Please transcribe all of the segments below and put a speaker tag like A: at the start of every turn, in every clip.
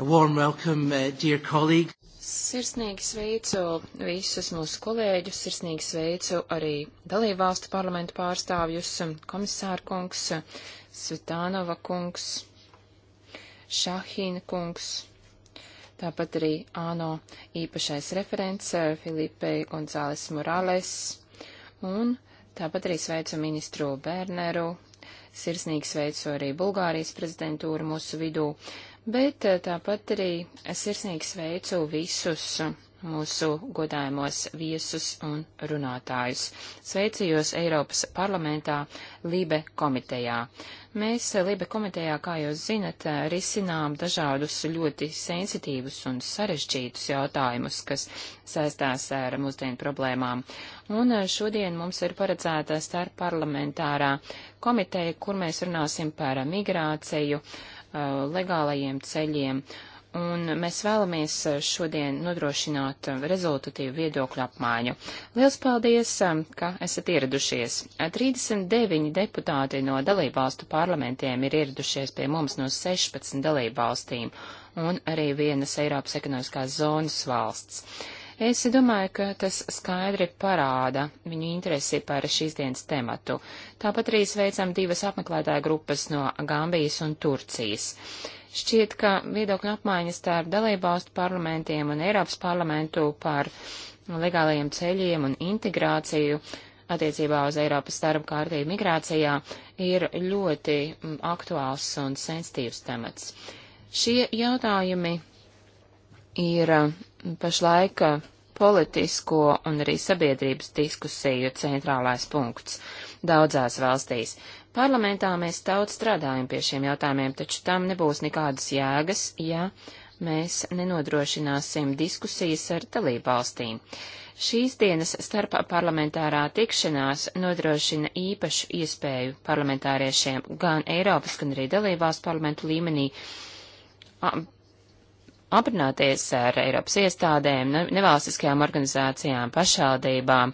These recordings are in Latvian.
A: A warm welcome, uh, dear colleague.
B: Sirsnīgi sveicu visus mūsu kolēģus, sirsnīgi sveicu arī dalībvalstu parlamentu pārstāvjus, komisāra kungs, Svitānova kungs, Šahīna kungs, tāpat arī ANO īpašais referents eh, Filipe Gonzāles Morales, un tāpat arī sveicu ministru Berneru, sirsnīgi sveicu arī Bulgārijas prezidentūru mūsu vidū. Uh, bet eh, tāpat arī sirsnīgi sveicu visus mūsu godājumos viesus un runātājus. Sveicījos Eiropas parlamentā Libe komitejā. Mēs eh, Libe komitejā, kā jūs zinat, eh, risinām dažādus ļoti sensitīvus un sarežģītus jautājumus, kas saistās ar mūsdienu problēmām. Un šodien mums ir paredzēta starp parlamentārā komiteja, kur mēs runāsim par migrāciju, uh, Uh, legālajiem ceļiem. Un mēs vēlamies uh, šodien nodrošināt uh, rezultatīvu viedokļu apmaiņu. Liels paldies, um, ka esat ieradušies. 39 deputāti no dalībvalstu parlamentiem ir ieradušies pie mums no 16 dalībvalstīm un arī vienas Eiropas ekonomiskās zonas valsts. Es domāju, ka tas skaidri parāda viņu interesi par šīs dienas tematu. Tāpat arī sveicam divas apmeklētāju grupas no Gambijas un Turcijas. Šķiet, ka viedokļu apmaiņas starp dalībvalstu parlamentiem un Eiropas parlamentu par legālajiem ceļiem un integrāciju attiecībā uz Eiropas darba kārtību migrācijā ir ļoti mm, aktuāls un sensitīvs temats. Šie jautājumi ir pašlaik eh, politisko un arī sabiedrības diskusiju centrālais punkts daudzās valstīs. Parlamentā mēs daudz strādājam pie šiem jautājumiem, taču tam nebūs nekādas jēgas, ja mēs nenodrošināsim diskusijas ar dalībvalstīm. Šīs dienas starp parlamentārā tikšanās nodrošina īpašu iespēju parlamentāriešiem gan Eiropas, gan arī dalībvalstu parlamentu līmenī aprināties ar Eiropas iestādēm, nevalstiskajām organizācijām, pašvaldībām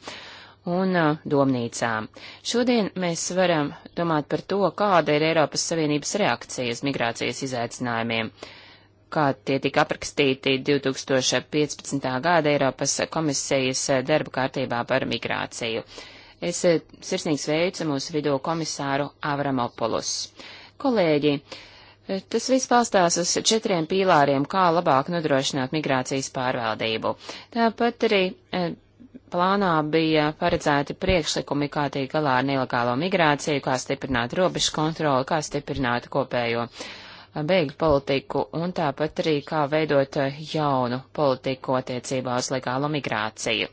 B: un uh, domnīcām. Šodien mēs varam domāt par to, kāda ir Eiropas Savienības reakcija uz migrācijas izaicinājumiem, kā tie tika aprakstīti 2015. gada Eiropas komisijas darba kārtībā par migrāciju. Es uh, sirsnīgi sveicu mūsu vidū komisāru Avramopolus. Kolēģi, uh, Tas viss balstās uz četriem pīlāriem, kā labāk nodrošināt migrācijas pārvaldību. Tāpat arī e, plānā bija paredzēti priekšlikumi, kā tiek galā ar nelegālo migrāciju, kā stiprināt robežu kontroli, kā stiprināt kopējo e, bēgļu politiku un tāpat arī kā veidot e, jaunu politiku attiecībā uz legālo migrāciju.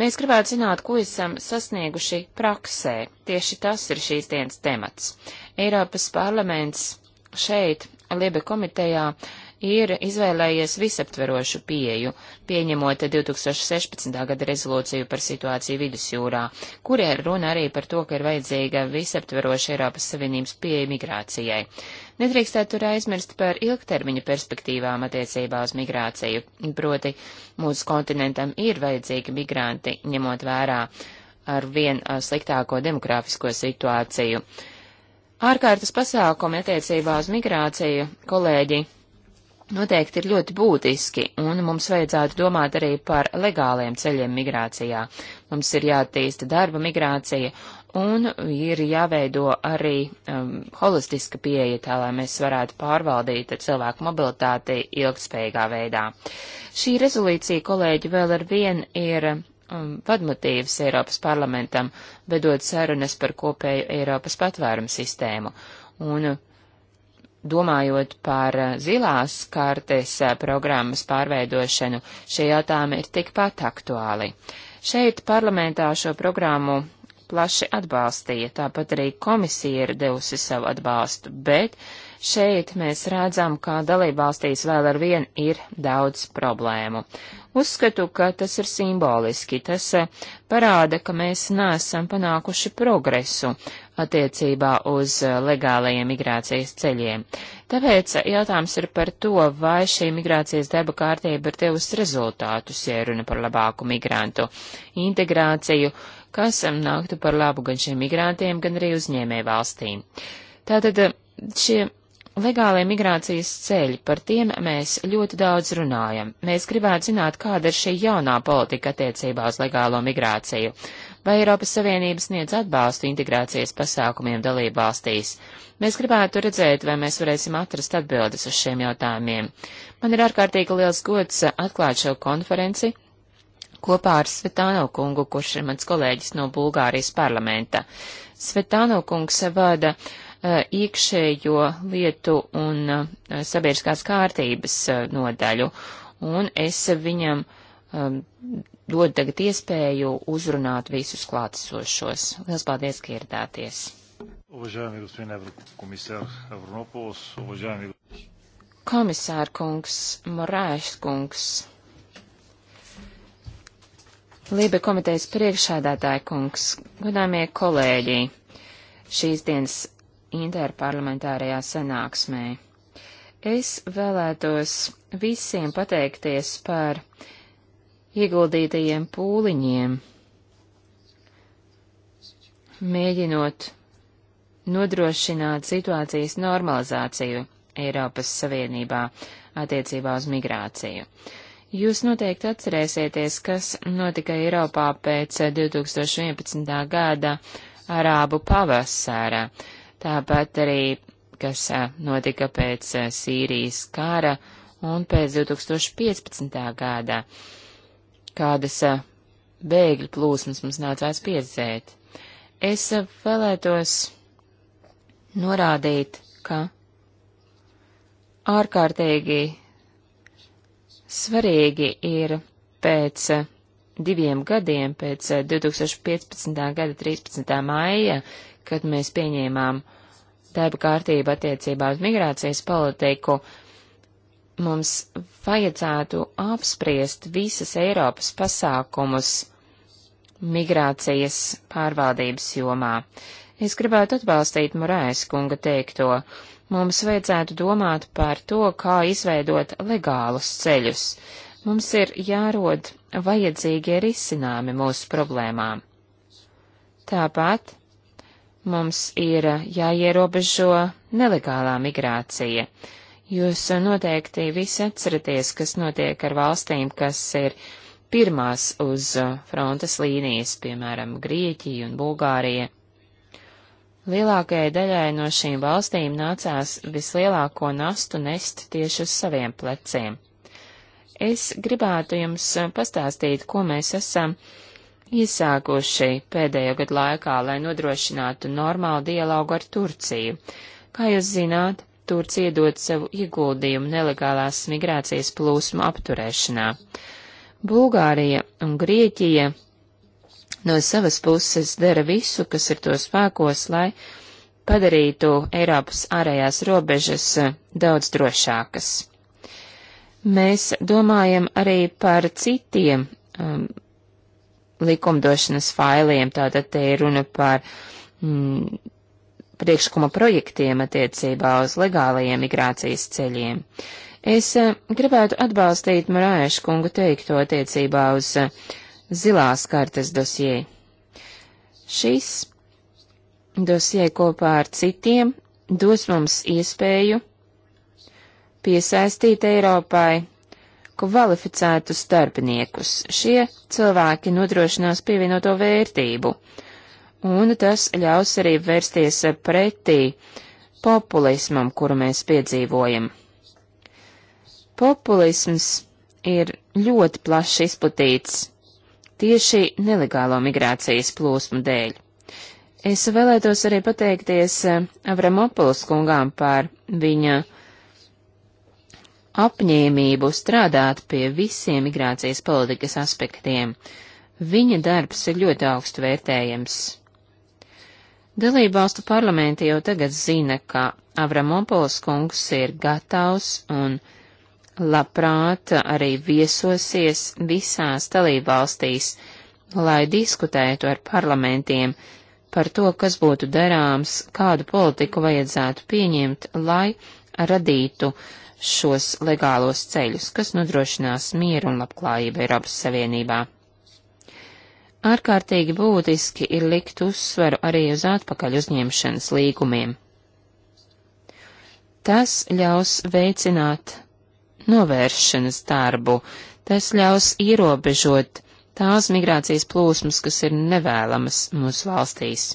B: Mēs gribētu zināt, ko esam sasnieguši praksē. Tieši tas ir šīs dienas temats. Eiropas parlaments šeit, Liebe komitejā, ir izvēlējies visaptverošu pieju, pieņemot 2016. gada rezolūciju par situāciju vidusjūrā, kurē runa arī par to, ka ir vajadzīga visaptveroša Eiropas Savienības pieeja migrācijai. Nedrīkstētu tur aizmirst par ilgtermiņa perspektīvām attiecībā uz migrāciju, proti mūsu kontinentam ir vajadzīgi migranti, ņemot vērā ar vien sliktāko demografisko situāciju. Uh, Ārkārtas pasākumi attiecībā uz migrāciju, kolēģi, noteikti ir ļoti būtiski, un mums vajadzētu domāt arī par legāliem ceļiem migrācijā. Mums ir jātīsta darba migrācija, un ir jāveido arī um, holistiska pieeja tā, lai mēs varētu pārvaldīt cilvēku mobilitāti ilgspējīgā veidā. Šī rezolīcija, kolēģi, vēl ar vien ir um, vadmotīvs Eiropas parlamentam, vedot sarunas par kopēju Eiropas patvērumu sistēmu. Un uh, domājot par uh, zilās kartes uh, programmas pārveidošanu, šie jautājumi ir tikpat aktuāli. Šeit parlamentā šo programmu plaši atbalstīja, tāpat arī komisija ir devusi savu atbalstu, bet šeit mēs redzam, ka dalībvalstīs vēl ar vien ir daudz problēmu. Uh, Uzskatu, ka tas ir simboliski, tas eh, parāda, ka mēs neesam panākuši progresu attiecībā uz eh, legālajiem migrācijas ceļiem. Tāpēc jautājums ir par to, vai šī migrācijas darba kārtība ir devusi rezultātus, ja runa par labāku migrantu integrāciju, kas eh, nāktu par labu gan šiem migrantiem, gan arī uzņēmē valstīm. Tātad šie Legālie migrācijas ceļi, par tiem mēs ļoti daudz runājam. Mēs gribētu zināt, kāda ir šī jaunā politika attiecībā uz legālo migrāciju. Vai Eiropas Savienības sniedz atbalstu integrācijas pasākumiem dalībvalstīs? Mēs gribētu redzēt, vai mēs varēsim atrast atbildes uz šiem jautājumiem. Man ir ārkārtīgi liels gods atklāt šo konferenci kopā ar Svetāno kungu, kurš ir mans kolēģis no Bulgārijas parlamenta. Svetāno kungs vada Eh, iekšējo lietu un eh, sabiedriskās kārtības eh, nodaļu, un es viņam dod tagad iespēju uzrunāt visus klātesošos. Lielas paldies, ka ieradāties! Komisārkungs, Morāškungs. Lība komitejas priekšādātāja kungs, godāmie kolēģi, šīs dienas interparlamentārajā sanāksmē. Es vēlētos visiem pateikties par ieguldītajiem pūliņiem, mēģinot nodrošināt situācijas normalizāciju Eiropas Savienībā attiecībā uz migrāciju. Jūs noteikti atcerēsieties, kas notika Eiropā pēc 2011. gada arābu pavasara tāpat arī, kas notika pēc Sīrijas kara un pēc 2015. gada, kādas bēgļu plūsmas mums nācās pieredzēt. Es vēlētos norādīt, ka ārkārtīgi svarīgi ir pēc diviem gadiem, pēc 2015. gada 13. maija, kad mēs pieņēmām darba kārtību attiecībā uz migrācijas politiku, mums vajadzētu apspriest visas Eiropas pasākumus migrācijas pārvaldības jomā. Es gribētu atbalstīt Morais kunga teikto. Mums vajadzētu domāt par to, kā izveidot legālus ceļus. Mums ir jārod vajadzīgie risinājumi mūsu problēmām. Tāpat Mums ir jāierobežo nelegālā migrācija. Jūs noteikti visi atceraties, kas notiek ar valstīm, kas ir pirmās uz frontes līnijas, piemēram, Grieķija un Bulgārija. Lielākajai daļai no šīm valstīm nācās vislielāko nastu nest tieši uz saviem pleciem. Es gribētu jums pastāstīt, ko mēs esam uh, iesākuši pēdējo gadu laikā, lai nodrošinātu normālu dialogu ar Turciju. Kā jūs zināt, Turcija dod savu ieguldījumu nelegālās migrācijas plūsmu apturēšanā. Bulgārija un Grieķija no savas puses dara visu, kas ir to spēkos, lai padarītu Eiropas ārējās robežas eh, daudz drošākas. Mēs domājam arī par citiem um, likumdošanas failiem, tātad te ir runa par mm, priekšlikuma projektiem attiecībā uz legālajiem migrācijas ceļiem. Es eh, gribētu atbalstīt Marāšu kungu teikto attiecībā uz eh, zilās kartes dosie. Šis dosie kopā ar citiem dos mums iespēju piesaistīt Eiropai kvalificētus darbiniekus. Šie cilvēki nodrošinās pievienoto vērtību, un tas ļaus arī vērsties pretī populismam, kuru mēs piedzīvojam. Populisms ir ļoti plaši izplatīts tieši nelegālo migrācijas plūsmu dēļ. Es vēlētos arī pateikties Avramopulus kungām par viņa uh, apņēmību strādāt pie visiem migrācijas politikas aspektiem. Viņa darbs ir ļoti augstu vērtējams. Dalībvalstu parlamenti jau tagad zina, ka Avramopols kungs ir gatavs un labprāt arī viesosies visās dalībvalstīs, lai diskutētu ar parlamentiem par to, kas būtu darāms, kādu politiku vajadzētu pieņemt, lai radītu uh, šos legālos ceļus, kas nodrošinās mieru un labklājību Eiropas Savienībā. Ārkārtīgi būtiski ir likt uzsveru arī uz atpakaļ uzņemšanas līgumiem. Tas ļaus veicināt novēršanas darbu, tas ļaus ierobežot tās migrācijas plūsmas, kas ir nevēlamas mūsu valstīs.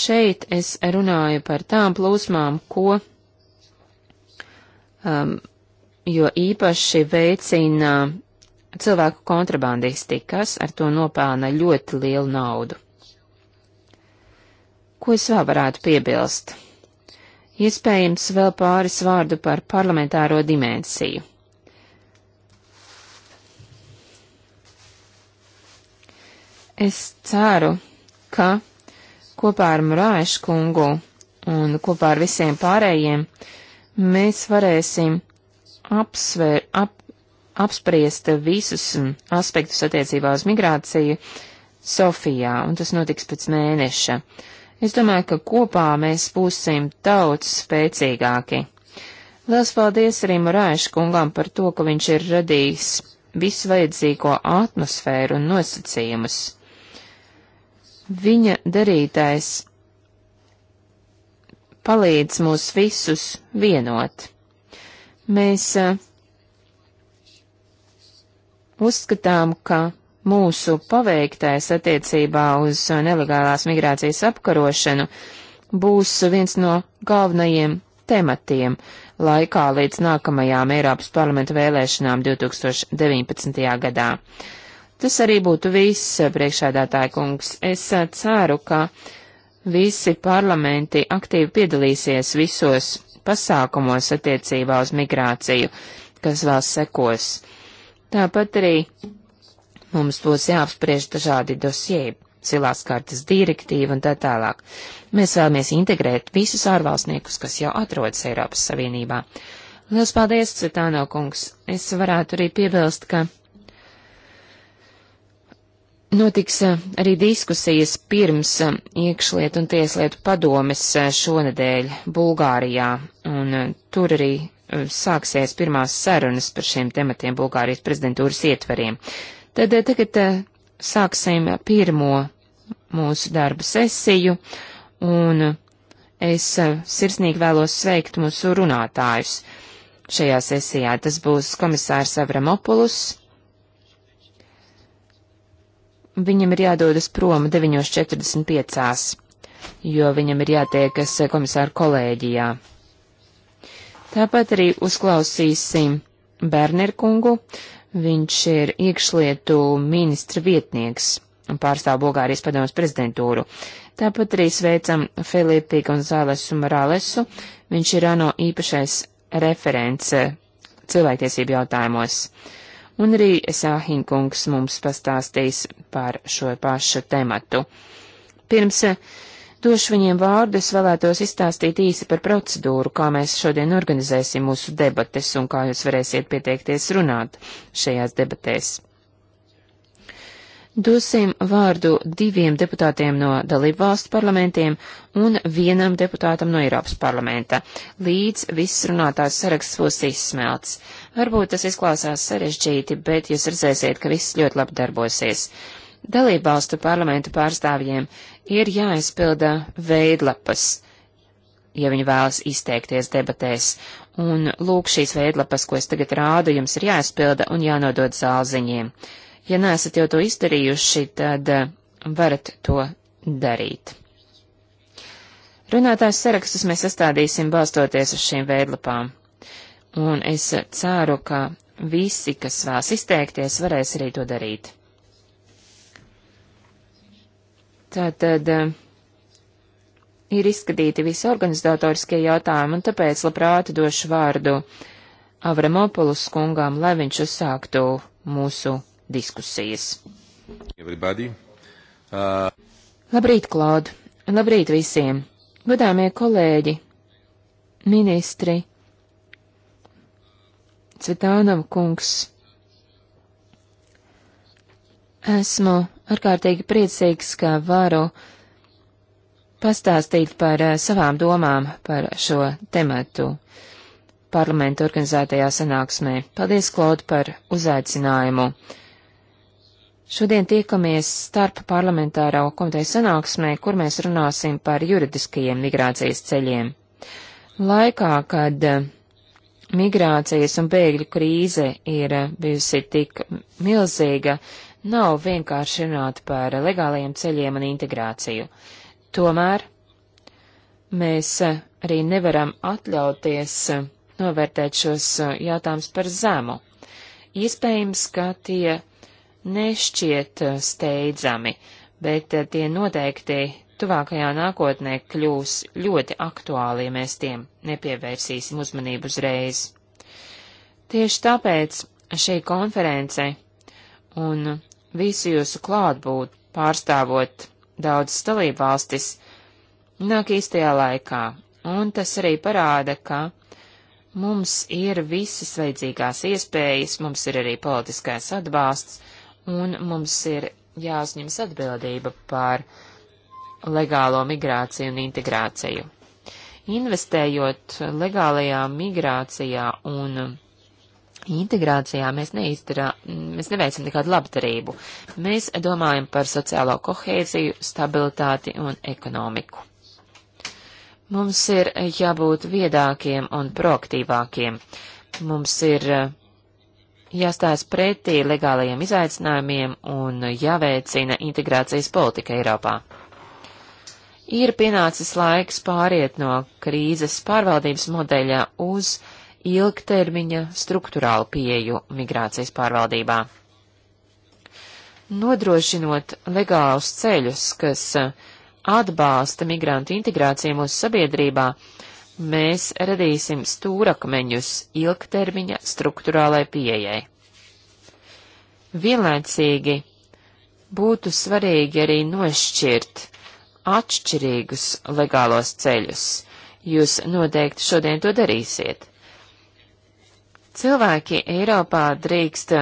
B: Šeit es runāju par tām plūsmām, ko um, jo īpaši veicina cilvēku kontrabandisti, kas ar to nopelna ļoti lielu naudu. Ko es vēl varētu piebilst? Iespējams, vēl pāris vārdu par parlamentāro dimensiju. Es ceru, ka kopā ar Murāšu kungu un kopā ar visiem pārējiem uh, mēs varēsim apsvēr, ap, apspriest visus aspektus attiecībā uz migrāciju Sofijā, un tas notiks pēc mēneša. Es domāju, ka kopā mēs būsim daudz spēcīgāki. Liels paldies arī Murāšu kungam par to, ka viņš ir radījis visu vajadzīgo atmosfēru un nosacījumus. Viņa darītais palīdz mūs visus vienot. Mēs uzskatām, ka mūsu paveiktais attiecībā uz nelegālās migrācijas apkarošanu būs viens no galvenajiem tematiem laikā līdz nākamajām Eiropas parlamenta vēlēšanām 2019. gadā. Tas arī būtu viss, priekšādātāja kungs. Es ceru, ka visi parlamenti aktīvi piedalīsies visos pasākumos attiecībā uz migrāciju, kas vēl sekos. Tāpat arī mums būs jāapspriež dažādi dosieji, silās kartas direktīva un tā tālāk. Mēs vēlamies integrēt visus ārvalstniekus, kas jau atrodas Eiropas Savienībā. Lielas paldies, Citāno kungs! Es varētu arī piebilst, ka Notiks eh, arī diskusijas pirms eh, iekšlietu un tieslietu padomes eh, šonadēļ Bulgārijā, un tur arī sāksies pirmās sarunas par šiem tematiem Bulgārijas prezidentūras ietveriem. Tad tagad sāksim pirmo mūsu darba sesiju, un es sirsnīgi vēlos sveikt mūsu runātājus. Šajā sesijā tas būs komisārs Avramopulus, viņam ir jādodas prom 9.45, jo viņam ir jātiekas komisāru kolēģijā. Tāpat arī uzklausīsim Bernerkungu. Viņš ir iekšlietu ministra vietnieks un pārstāv Bulgārijas padomus prezidentūru. Tāpat arī sveicam Filipi Gonzālesu Moralesu. Viņš ir ANO īpašais referents cilvēktiesību jautājumos. Uh, un arī Sāhinkungs mums pastāstīs par šo pašu tematu. Pirms eh, došu viņiem vārdu, es vēlētos izstāstīt īsi par procedūru, kā mēs šodien organizēsim mūsu debates un kā jūs varēsiet pieteikties runāt šajās debatēs. Dosim vārdu diviem deputātiem no dalību valstu parlamentiem un vienam deputātam no Eiropas parlamenta, līdz viss runātājs saraksts būs izsmelts. Varbūt tas izklausās sarežģīti, bet jūs redzēsiet, ka viss ļoti labi darbosies. Dalībvalstu parlamentu pārstāvjiem ir jāizpilda veidlapas, ja viņi vēlas izteikties debatēs, un lūk šīs veidlapas, ko es tagad rādu, jums ir jāizpilda un jānodod zālziņiem. Ja neesat jau to izdarījuši, tad uh, varat to darīt. Runātājs sarakstus mēs sastādīsim balstoties uz šīm veidlapām un es ceru, ka visi, kas vēlas izteikties, varēs arī to darīt. Tātad eh, ir izskatīti visi organizatoriskie jautājumi, un tāpēc labprāt došu vārdu Avramopulus kungām, lai viņš uzsāktu mūsu diskusijas. Everybody. Uh... Labrīt, Klaud! Labrīt visiem! Godāmie kolēģi, ministri, Cvitānam kungs. Esmu ārkārtīgi priecīgs, ka varu pastāstīt par eh, savām domām par šo tematu parlamentu organizētajā sanāksmē. Paldies, Klaud, par uzaicinājumu. Šodien tiekamies starp parlamentāro komiteju sanāksmē, kur mēs runāsim par juridiskajiem migrācijas ceļiem. Laikā, kad migrācijas un bēgļu krīze ir eh, bijusi tik milzīga, nav vienkārši runāt par legālajiem ceļiem un integrāciju. Tomēr mēs eh, arī nevaram atļauties eh, novērtēt šos jautājumus par zemu. Iespējams, ka tie nešķiet steidzami, bet tie noteikti tuvākajā nākotnē kļūs ļoti aktuāli, ja mēs tiem nepievērsīsim uzmanību uzreiz. Tieši tāpēc šī konference un visu jūsu klātbūt pārstāvot daudzas dalībvalstis nāk īstajā laikā, un tas arī parāda, ka mums ir visas vajadzīgās iespējas, mums ir arī politiskais atbalsts, un mums ir jāuzņems atbildība par uh, legālo migrāciju un integrāciju. Investējot legālajā migrācijā un integrācijā mēs neizdarā, mēs neveicam nekādu labdarību. Mēs domājam par sociālo kohēziju, stabilitāti un ekonomiku. Mums ir jābūt viedākiem un proaktīvākiem. Mums ir jāstājas pretī legālajiem izaicinājumiem un jāveicina integrācijas politika Eiropā ir pienācis laiks pāriet no krīzes pārvaldības modeļa uz ilgtermiņa struktūrālu pieju migrācijas pārvaldībā. Nodrošinot legālus ceļus, kas atbalsta migrantu integrāciju mūsu sabiedrībā, mēs radīsim stūrakmeņus ilgtermiņa struktūrālai pieejai. Vienlaicīgi būtu svarīgi arī nošķirt atšķirīgus legālos ceļus. Jūs noteikti šodien to darīsiet. Cilvēki Eiropā drīkst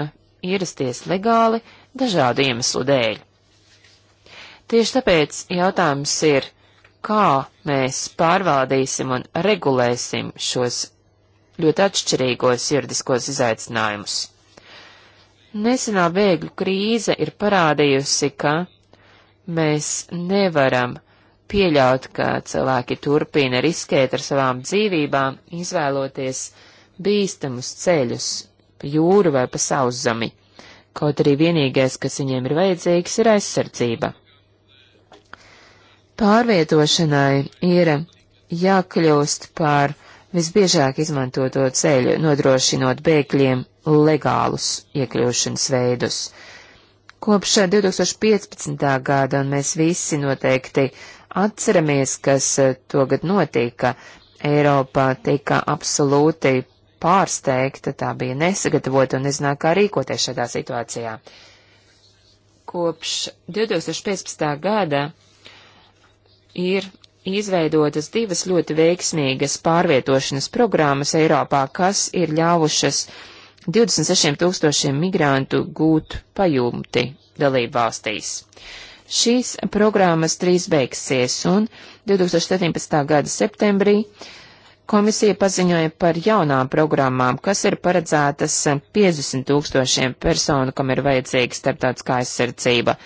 B: ierasties legāli dažādu iemeslu dēļ. Tieši tāpēc jautājums ir, kā mēs pārvaldīsim un regulēsim šos ļoti atšķirīgos juridiskos izaicinājumus. Nesenā bēgļu krīze ir parādījusi, ka Mēs nevaram pieļaut, ka cilvēki turpina riskēt ar savām dzīvībām, izvēloties bīstamus ceļus, pa jūru vai pa sauszemi, kaut arī vienīgais, kas viņiem ir vajadzīgs, ir aizsardzība. Pārvietošanai ir jākļūst par visbiežāk izmantoto ceļu, nodrošinot bēgļiem legālus iekļūšanas veidus kopš 2015. Eh, gada, un mēs visi noteikti atceramies, kas eh, togad notika. Eiropā tika absolūti pārsteigta, tā bija nesagatavota un nezināja, kā rīkoties šādā situācijā. Kopš 2015. gada ir izveidotas divas ļoti veiksmīgas pārvietošanas programmas Eiropā, kas ir ļāvušas uh, 26 tūkstošiem migrantu gūt pajumti dalībvalstīs. Šīs programmas trīs beigsies, un 2017. gada septembrī komisija paziņoja par jaunām programmām, kas ir paredzētas 50 tūkstošiem personu, kam ir vajadzīga starptautiskā aizsardzība,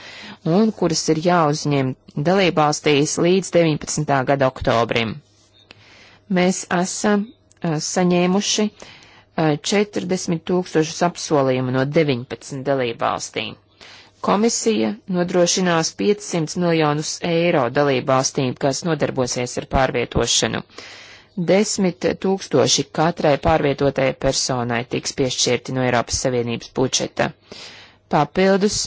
B: un kuras ir jāuzņem dalībvalstīs līdz 19. gada oktobrim. Mēs esam saņēmuši 40 eh, tūkstošus apsolījumu no 19 dalībvalstīm. Komisija nodrošinās 500 miljonus eiro dalībvalstīm, kas nodarbosies ar pārvietošanu. 10 tūkstoši katrai pārvietotajai personai tiks piešķirti no Eiropas Savienības budžeta. Papildus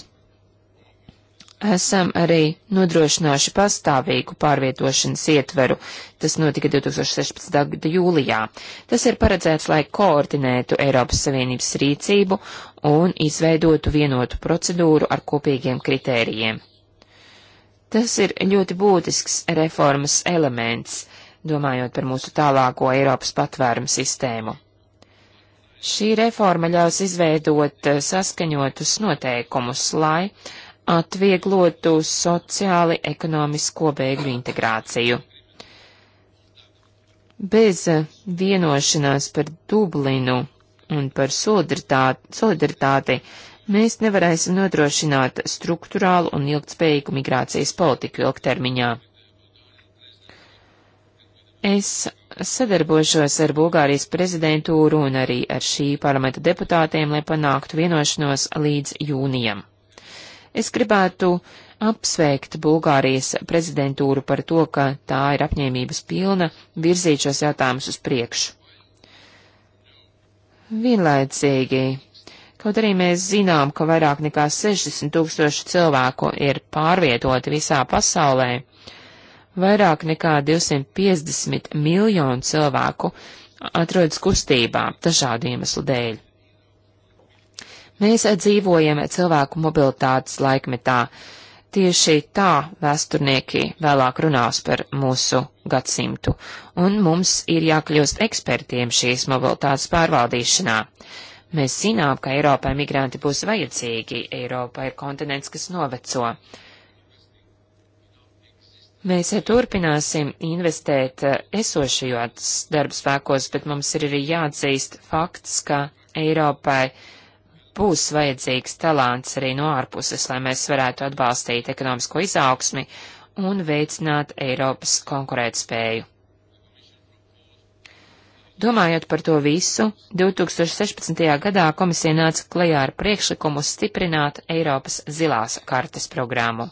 B: esam arī nodrošinājuši pastāvīgu pārvietošanas ietveru. Tas notika 2016. gada jūlijā. Tas ir paredzēts, lai koordinētu Eiropas Savienības rīcību un izveidotu vienotu procedūru ar kopīgiem kritērijiem. Tas ir ļoti būtisks reformas elements, domājot par mūsu tālāko Eiropas patvērumu sistēmu. Šī reforma ļaus izveidot eh, saskaņotus noteikumus, lai atvieglotu sociāli ekonomisko bēgļu integrāciju. Bez vienošanās par Dublinu un par solidaritāti, solidaritāti mēs nevarēsim nodrošināt struktūrālu un ilgtspējīgu migrācijas politiku ilgtermiņā. Es sadarbošos ar Bulgārijas prezidentūru un arī ar šī parlamenta deputātiem, lai panāktu vienošanos līdz jūnijam. Es gribētu apsveikt Bulgārijas prezidentūru par to, ka tā ir apņēmības pilna virzīt šos jautājumus uz priekšu. Vienlaicīgi, kaut arī mēs zinām, ka vairāk nekā 60 tūkstoši cilvēku ir pārvietoti visā pasaulē, vairāk nekā 250 miljonu cilvēku atrodas kustībā dažādu iemeslu dēļ. Mēs dzīvojam cilvēku mobilitātes laikmetā. Tieši tā vēsturnieki vēlāk runās par mūsu gadsimtu, un mums ir jākļūst ekspertiem šīs mobilitātes pārvaldīšanā. Mēs zinām, ka Eiropai migranti būs vajadzīgi, Eiropa ir kontinents, kas noveco. Mēs turpināsim investēt esošajos darbspēkos, bet mums ir arī jāatzīst fakts, ka Eiropai būs vajadzīgs talants arī no ārpuses, lai mēs varētu atbalstīt ekonomisko izaugsmi un veicināt Eiropas konkurētspēju. Domājot par to visu, 2016. gadā komisija nāca klajā ar priekšlikumu stiprināt Eiropas zilās kartes programmu.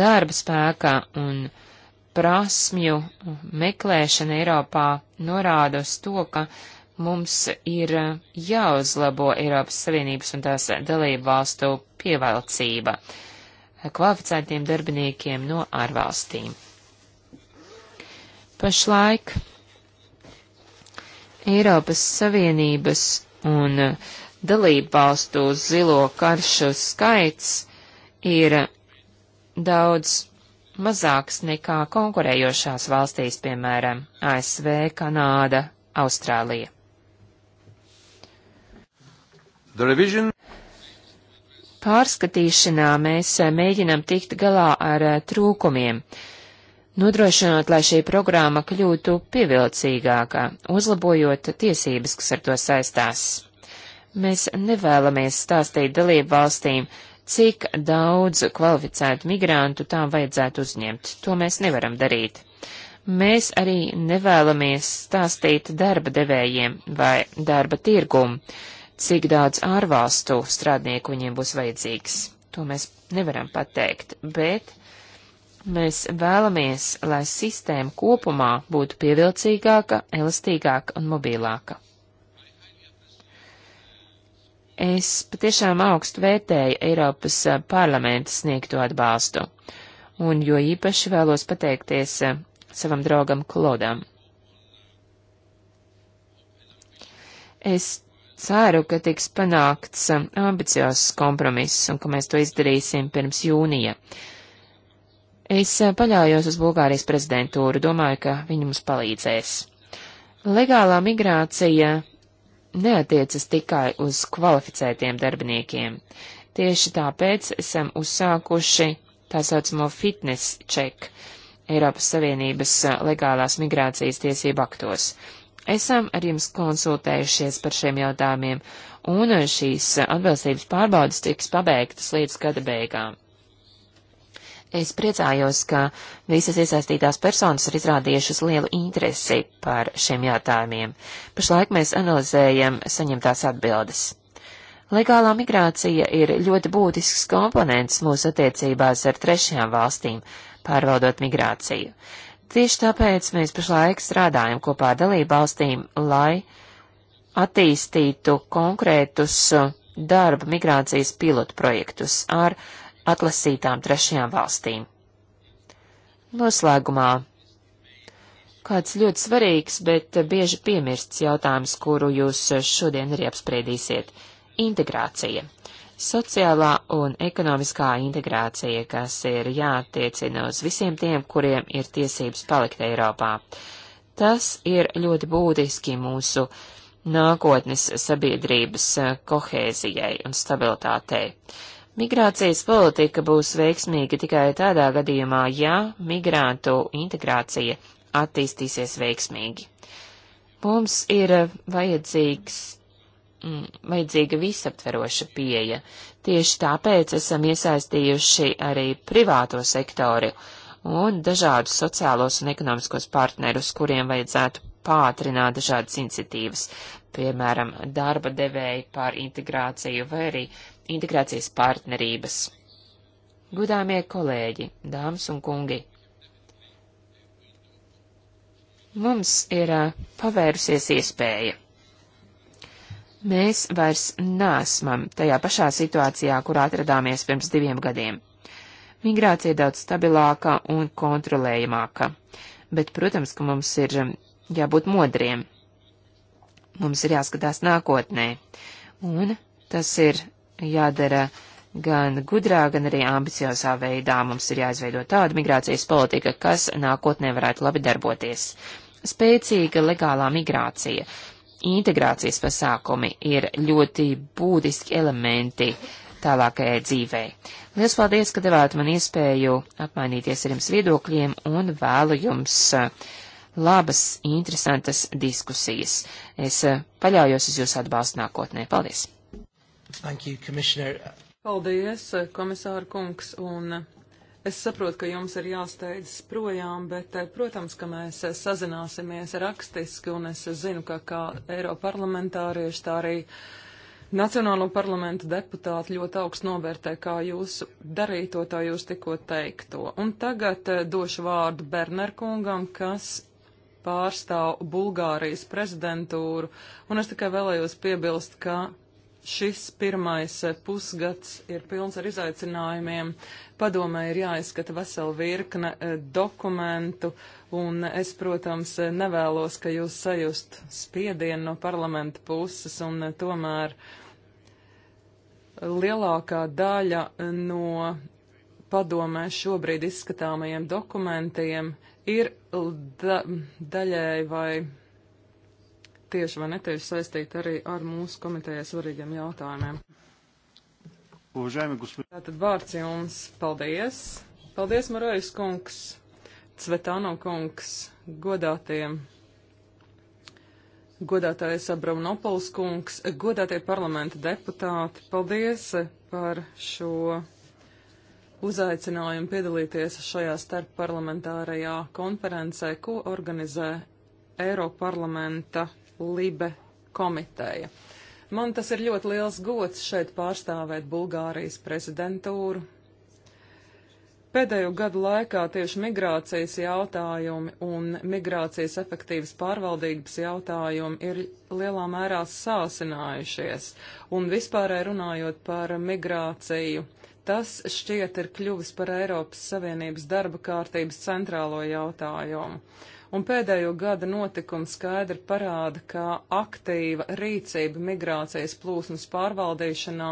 B: Darba spēka un prasmju meklēšana Eiropā norāda uz to, ka mums ir eh, jāuzlabo Eiropas Savienības un tās dalību valstu pievilcība kvalificētiem darbiniekiem no ārvalstīm. Pašlaik Eiropas Savienības un dalību valstu zilo karšu skaits ir daudz mazāks nekā konkurējošās valstīs, piemēram, ASV, Kanāda, Austrālija. Revision... Pārskatīšanā mēs eh, mēģinam tikt galā ar eh, trūkumiem, nodrošinot, lai šī programma kļūtu pievilcīgākā, uzlabojot tiesības, kas ar to saistās. Mēs nevēlamies stāstīt dalību valstīm, cik daudz kvalificētu migrantu tām vajadzētu uzņemt. To mēs nevaram darīt. Mēs arī nevēlamies stāstīt darba devējiem vai darba tirgumu, cik daudz ārvalstu strādnieku viņiem būs vajadzīgs. To mēs nevaram pateikt, bet mēs vēlamies, lai sistēma kopumā būtu pievilcīgāka, elastīgāka un mobilāka. Es patiešām augstu vērtēju Eiropas eh, parlamenta sniegto atbalstu, un jo īpaši vēlos pateikties eh, savam draugam Klodam. Es ceru, ka tiks panākts um, ambiciozs kompromiss un ka mēs to izdarīsim pirms jūnija. Es uh, paļaujos uz Bulgārijas prezidentūru, domāju, ka viņi mums palīdzēs. Legālā migrācija neatiecas tikai uz kvalificētiem darbiniekiem. Tieši tāpēc esam uzsākuši tā saucamo fitness check Eiropas Savienības uh, legālās migrācijas tiesību aktos. Esam ar jums konsultējušies par šiem jautājumiem, un šīs atbilstības pārbaudas tiks pabeigtas līdz gada beigām. Es priecājos, ka visas iesaistītās personas ir izrādījušas lielu interesi par šiem jautājumiem. Pašlaik mēs analizējam saņemtās atbildes. Legālā migrācija ir ļoti būtisks komponents mūsu attiecībās ar trešajām valstīm, pārvaldot migrāciju. Tieši tāpēc mēs pašlaik strādājam kopā ar dalību valstīm, lai attīstītu konkrētus uh, darba migrācijas pilotu projektus ar atlasītām trešajām valstīm. Noslēgumā kāds ļoti svarīgs, bet bieži piemirsts jautājums, kuru jūs uh, šodien arī apspriedīsiet - integrācija. Sociālā un ekonomiskā integrācija, kas ir jāattiecina uz visiem tiem, kuriem ir tiesības palikt Eiropā. Tas ir ļoti būtiski mūsu nākotnes sabiedrības eh, kohēzijai un stabilitātei. Migrācijas politika būs veiksmīga tikai tādā gadījumā, ja migrantu integrācija attīstīsies veiksmīgi. Mums ir eh, vajadzīgs vajadzīga mm, visaptveroša pieeja. Tieši tāpēc esam iesaistījuši arī privāto sektoru un dažādus sociālos un ekonomiskos partnerus, kuriem vajadzētu pātrināt dažādas iniciatīvas, piemēram, darba devēja par integrāciju vai arī integrācijas partnerības. Gudāmie kolēģi, dāmas un kungi! Mums ir pavērusies iespēja mēs vairs nesmam tajā pašā situācijā, kur atradāmies pirms diviem gadiem. Migrācija ir daudz stabilāka un kontrolējamāka, bet, protams, ka mums ir um, jābūt modriem. Mums ir jāskatās nākotnē, un tas ir jādara gan gudrā, gan arī ambiciozā veidā. Mums ir jāizveido tāda migrācijas politika, kas nākotnē varētu labi darboties. Spēcīga legālā migrācija integrācijas pasākumi ir ļoti būtiski elementi tālākajai dzīvei. Lielas paldies, ka devāt man iespēju apmainīties ar jums viedokļiem un vēlu jums uh, labas, interesantas diskusijas. Es uh, paļaujos uz jūsu atbalstu nākotnē. Paldies!
C: Thank you, Paldies, komisāra kungs, un Es saprotu, ka jums ir jāsteidzas projām, bet, eh, protams, ka mēs eh, sazināsimies rakstiski, un es zinu, ka kā Eiroparlamentārieši, tā arī Nacionālo parlamentu deputāti ļoti augstu novērtē, kā jūs darīto, tā jūs tikko teikto. Un tagad eh, došu vārdu Bernerkungam, kas pārstāv Bulgārijas prezidentūru, un es tikai vēlējos piebilst, ka šis pirmais eh, pusgads ir pilns ar izaicinājumiem. Padomē ir jāizskata vesela virkne eh, dokumentu, un es, protams, eh, nevēlos, ka jūs sajust spiedienu no parlamenta puses, un tomēr lielākā daļa no padomē šobrīd izskatāmajiem dokumentiem ir da daļēji vai tieši vai netieši saistīta arī ar mūsu komitējai svarīgiem jautājumiem. Tātad vārds jums. Paldies. Paldies, Marojas kungs, Cvetāno kungs, godātiem. Godātais Abramnopols kungs, godātie parlamenta deputāti, paldies par šo uzaicinājumu piedalīties šajā starpparlamentārajā konferencē, ko organizē Eiroparlamenta Libe komiteja. Man tas ir ļoti liels gods šeit pārstāvēt Bulgārijas prezidentūru. Pēdējo gadu laikā tieši migrācijas jautājumi un migrācijas efektīvas pārvaldības jautājumi ir lielā mērā sāsinājušies, un vispārē runājot par migrāciju, tas šķiet ir kļuvis par Eiropas Savienības darba kārtības centrālo jautājumu un pēdējo gada notikumi skaidri parāda, ka aktīva rīcība migrācijas plūsmas pārvaldīšanā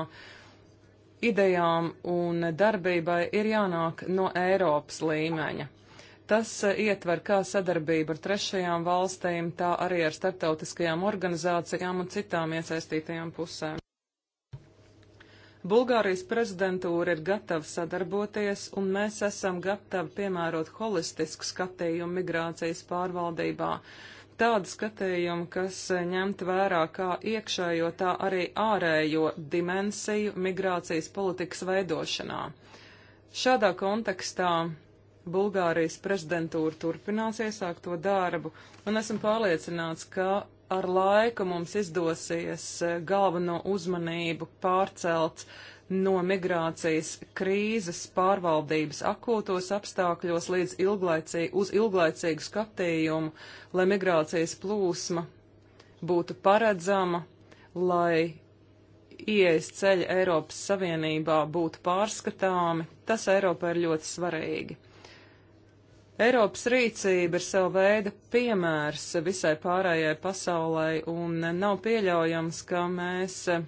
C: idejām un darbībai ir jānāk no Eiropas līmeņa. Tas eh, ietver kā sadarbību ar trešajām valstīm, tā arī ar starptautiskajām organizācijām un citām iesaistītajām pusēm. Bulgārijas prezidentūra ir gatava sadarboties, un mēs esam gatavi piemērot holistisku skatījumu migrācijas pārvaldībā. Tādu skatījumu, kas ņemt vērā kā iekšējo, tā arī ārējo dimensiju migrācijas politikas veidošanā. Šādā kontekstā Bulgārijas prezidentūra turpinās iesākt to darbu, un esam pārliecināts, ka ar laiku mums izdosies e, galveno uzmanību pārcelt no migrācijas krīzes pārvaldības akūtos apstākļos līdz ilglaicīgi, uz ilglaicīgu skatījumu, lai migrācijas plūsma būtu paredzama, lai ieejas ceļi Eiropas Savienībā būtu pārskatāmi, tas Eiropā ir ļoti svarīgi. Eiropas rīcība ir sava veida piemērs visai pārējai pasaulē, un nav pieļaujams, ka mēs eh,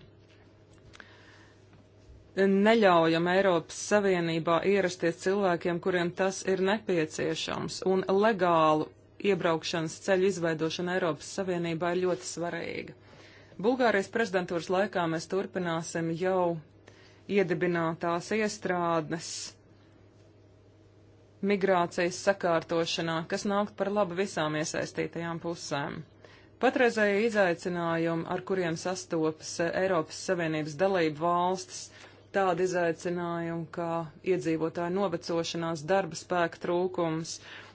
C: neļaujam Eiropas Savienībā ierasties cilvēkiem, kuriem tas ir nepieciešams, un legālu iebraukšanas ceļu izveidošana Eiropas Savienībā ir ļoti svarīga. Bulgārijas prezidentūras laikā mēs turpināsim jau iedibinātās iestrādnes migrācijas sakārtošanā, kas nākt par labu visām iesaistītajām pusēm. Patreizējie izaicinājumi, ar kuriem sastopas Eiropas Savienības dalību valstis, tādi izaicinājumi kā iedzīvotāju novecošanās, darba spēka trūkums.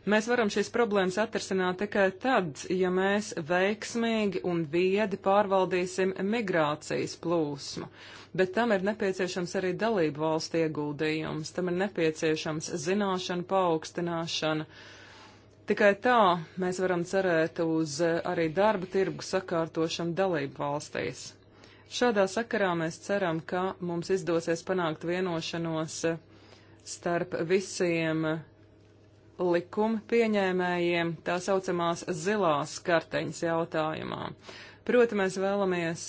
C: Mēs varam šīs problēmas atrisināt tikai tad, ja mēs veiksmīgi un viedi pārvaldīsim migrācijas plūsmu bet tam ir nepieciešams arī dalību valstu ieguldījums, tam ir nepieciešams zināšana paaugstināšana. Tikai tā mēs varam cerēt uz eh, arī darba tirgu sakārtošanu dalību valstīs. Šādā sakarā mēs ceram, ka mums izdosies panākt vienošanos eh, starp visiem eh, likuma pieņēmējiem tā saucamās zilās karteņas jautājumā. Proti mēs vēlamies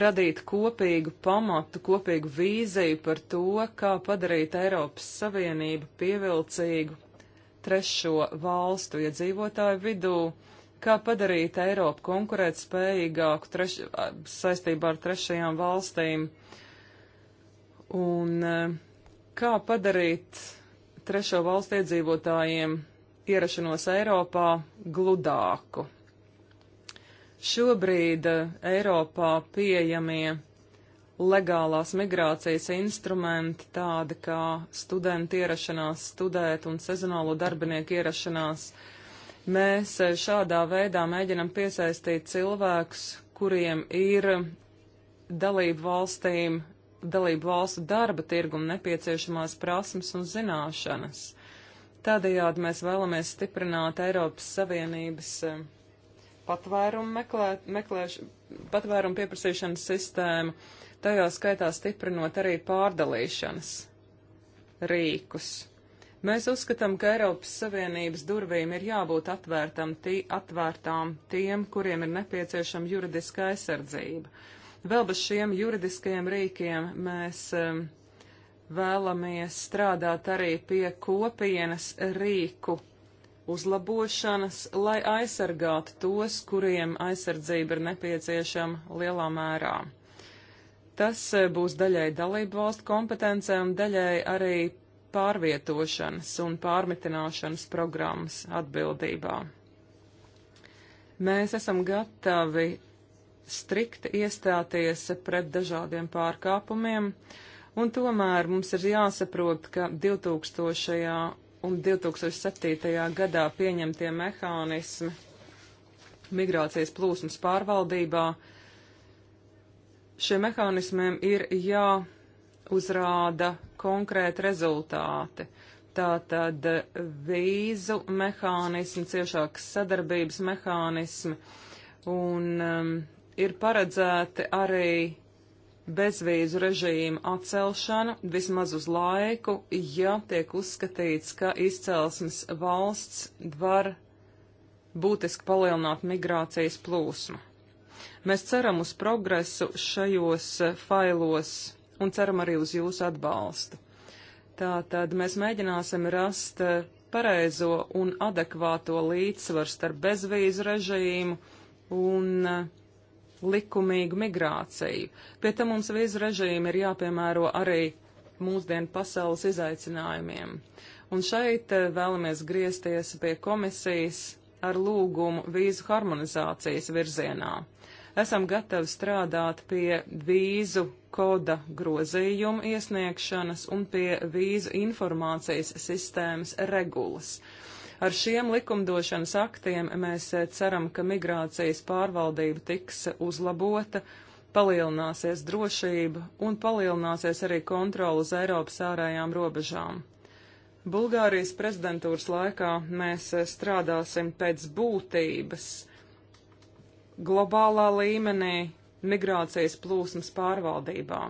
C: radīt kopīgu pamatu, kopīgu vīziju par to, kā padarīt Eiropas Savienību pievilcīgu trešo valstu iedzīvotāju vidū, kā padarīt Eiropu konkurētspējīgāku treš, saistībā ar trešajām valstīm un e, kā padarīt trešo valstu iedzīvotājiem ierašanos Eiropā gludāku. Šobrīd eh, Eiropā pieejamie legālās migrācijas instrumenti, tādi kā studenti ierašanās studēt un sezonālo darbinieku ierašanās. Mēs eh, šādā veidā mēģinam piesaistīt cilvēkus, kuriem ir dalību valstīm, dalību valstu darba tirgum nepieciešamās prasmes un zināšanas. Tādējādi mēs vēlamies stiprināt Eiropas Savienības eh, patvērumu, meklē, meklēš, patvērumu pieprasīšanas sistēmu, tajā skaitā stiprinot arī pārdalīšanas rīkus. Mēs uzskatām, ka Eiropas Savienības durvīm ir jābūt atvērtam tī, atvērtām tiem, kuriem ir nepieciešama juridiska aizsardzība. Vēl bez šiem juridiskajiem rīkiem mēs um, vēlamies strādāt arī pie kopienas rīku uzlabošanas, lai aizsargātu tos, kuriem aizsardzība ir nepieciešama lielā mērā. Tas eh, būs daļai dalību valstu kompetencē un daļai arī pārvietošanas un pārmitināšanas programmas atbildībā. Mēs esam gatavi strikti iestāties pret dažādiem pārkāpumiem, un tomēr mums ir jāsaprot, ka 2000 un 2007. gadā pieņemtie mehānismi migrācijas plūsmas pārvaldībā. Šiem mehānismiem ir jāuzrāda konkrēti rezultāti. Tātad vīzu mehānismi, ciešākas sadarbības mehānismi un um, ir paredzēti arī bezvīzu režīmu atcelšanu vismaz uz laiku, ja tiek uzskatīts, ka izcelsmes valsts var būtiski palielināt migrācijas plūsmu. Mēs ceram uz progresu šajos failos un ceram arī uz jūsu atbalstu. Tātad mēs mēģināsim rast pareizo un adekvāto līdzsvaru starp bezvīzu režīmu un uh, likumīgu migrāciju. Pie tam mums vīzu režīmi ir jāpiemēro arī mūsdienu pasaules izaicinājumiem. Un šeit eh, vēlamies griezties pie komisijas ar lūgumu vīzu harmonizācijas virzienā. Esam gatavi strādāt pie vīzu koda grozījuma iesniegšanas un pie vīzu informācijas sistēmas regulas. Uh, Ar šiem likumdošanas aktiem mēs eh, ceram, ka migrācijas pārvaldība tiks eh, uzlabota, palielināsies drošība un palielināsies arī kontrola uz Eiropas ārējām robežām. Bulgārijas prezidentūras laikā mēs eh, strādāsim pēc būtības globālā līmenī migrācijas plūsmas pārvaldībā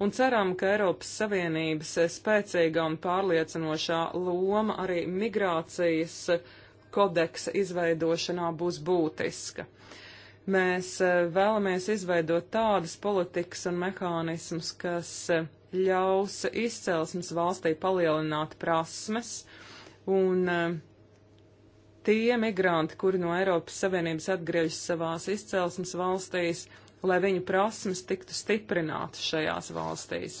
C: un ceram, ka Eiropas Savienības spēcīga un pārliecinošā loma arī migrācijas kodeksa izveidošanā būs būtiska. Mēs eh, vēlamies izveidot tādas politikas un mehānismus, kas eh, ļaus izcelsmes valstī palielināt prasmes un uh, tie migranti, kuri no Eiropas Savienības atgriežas savās izcelsmes valstīs, lai viņu prasmes tiktu stiprinātas šajās valstīs.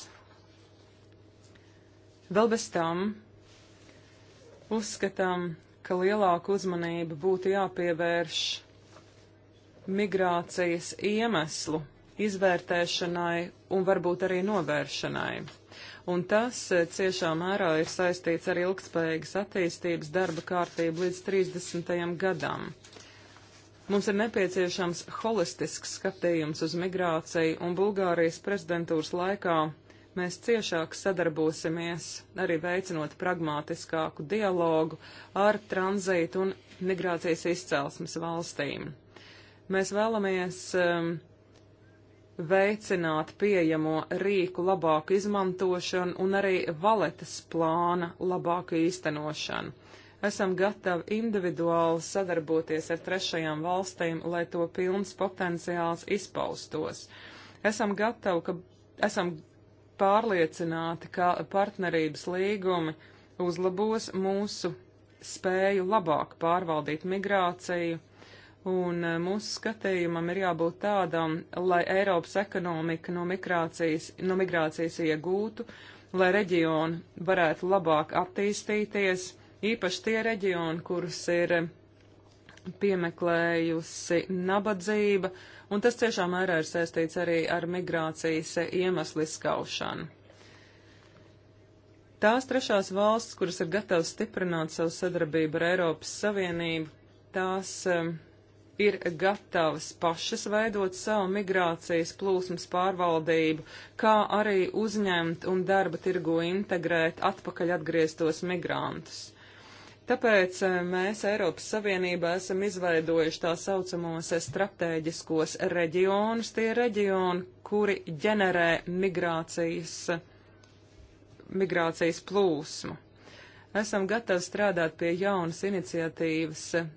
C: Vēl bez tam uzskatām, ka lielāku uzmanību būtu jāpievērš migrācijas iemeslu izvērtēšanai un varbūt arī novēršanai. Un tas eh, ciešā mērā ir saistīts ar ilgspējīgas attīstības darba kārtību līdz 30. gadam. Mums ir nepieciešams holistisks skatījums uz migrāciju, un Bulgārijas prezidentūras laikā mēs ciešāk sadarbosimies, arī veicinot pragmātiskāku dialogu ar tranzītu un migrācijas izcelsmes valstīm. Mēs vēlamies um, veicināt pieejamo rīku labāku izmantošanu un arī valetas plāna labāku īstenošanu esam gatavi individuāli sadarboties ar trešajām valstīm, lai to pilns potenciāls izpaustos. Esam gatavi, ka esam pārliecināti, ka partnerības līgumi uzlabos mūsu spēju labāk pārvaldīt migrāciju, un e, mūsu skatījumam ir jābūt tādam, lai Eiropas ekonomika no migrācijas, no migrācijas iegūtu, lai reģioni varētu labāk attīstīties, īpaši tie reģioni, kurus ir piemeklējusi nabadzība, un tas ciešā mērā ir saistīts arī ar migrācijas iemeslu izskaušanu. Tās trešās valsts, kuras ir gatavas stiprināt savu sadarbību ar Eiropas Savienību, tās um, ir gatavas pašas veidot savu migrācijas plūsmas pārvaldību, kā arī uzņemt un darba tirgu integrēt atpakaļ atgrieztos migrantus. Tāpēc eh, mēs Eiropas Savienībā esam izveidojuši tā saucamos eh, strateģiskos reģionus, tie reģioni, kuri ģenerē migrācijas, migrācijas plūsmu. Esam gatavi strādāt pie jaunas iniciatīvas, eh,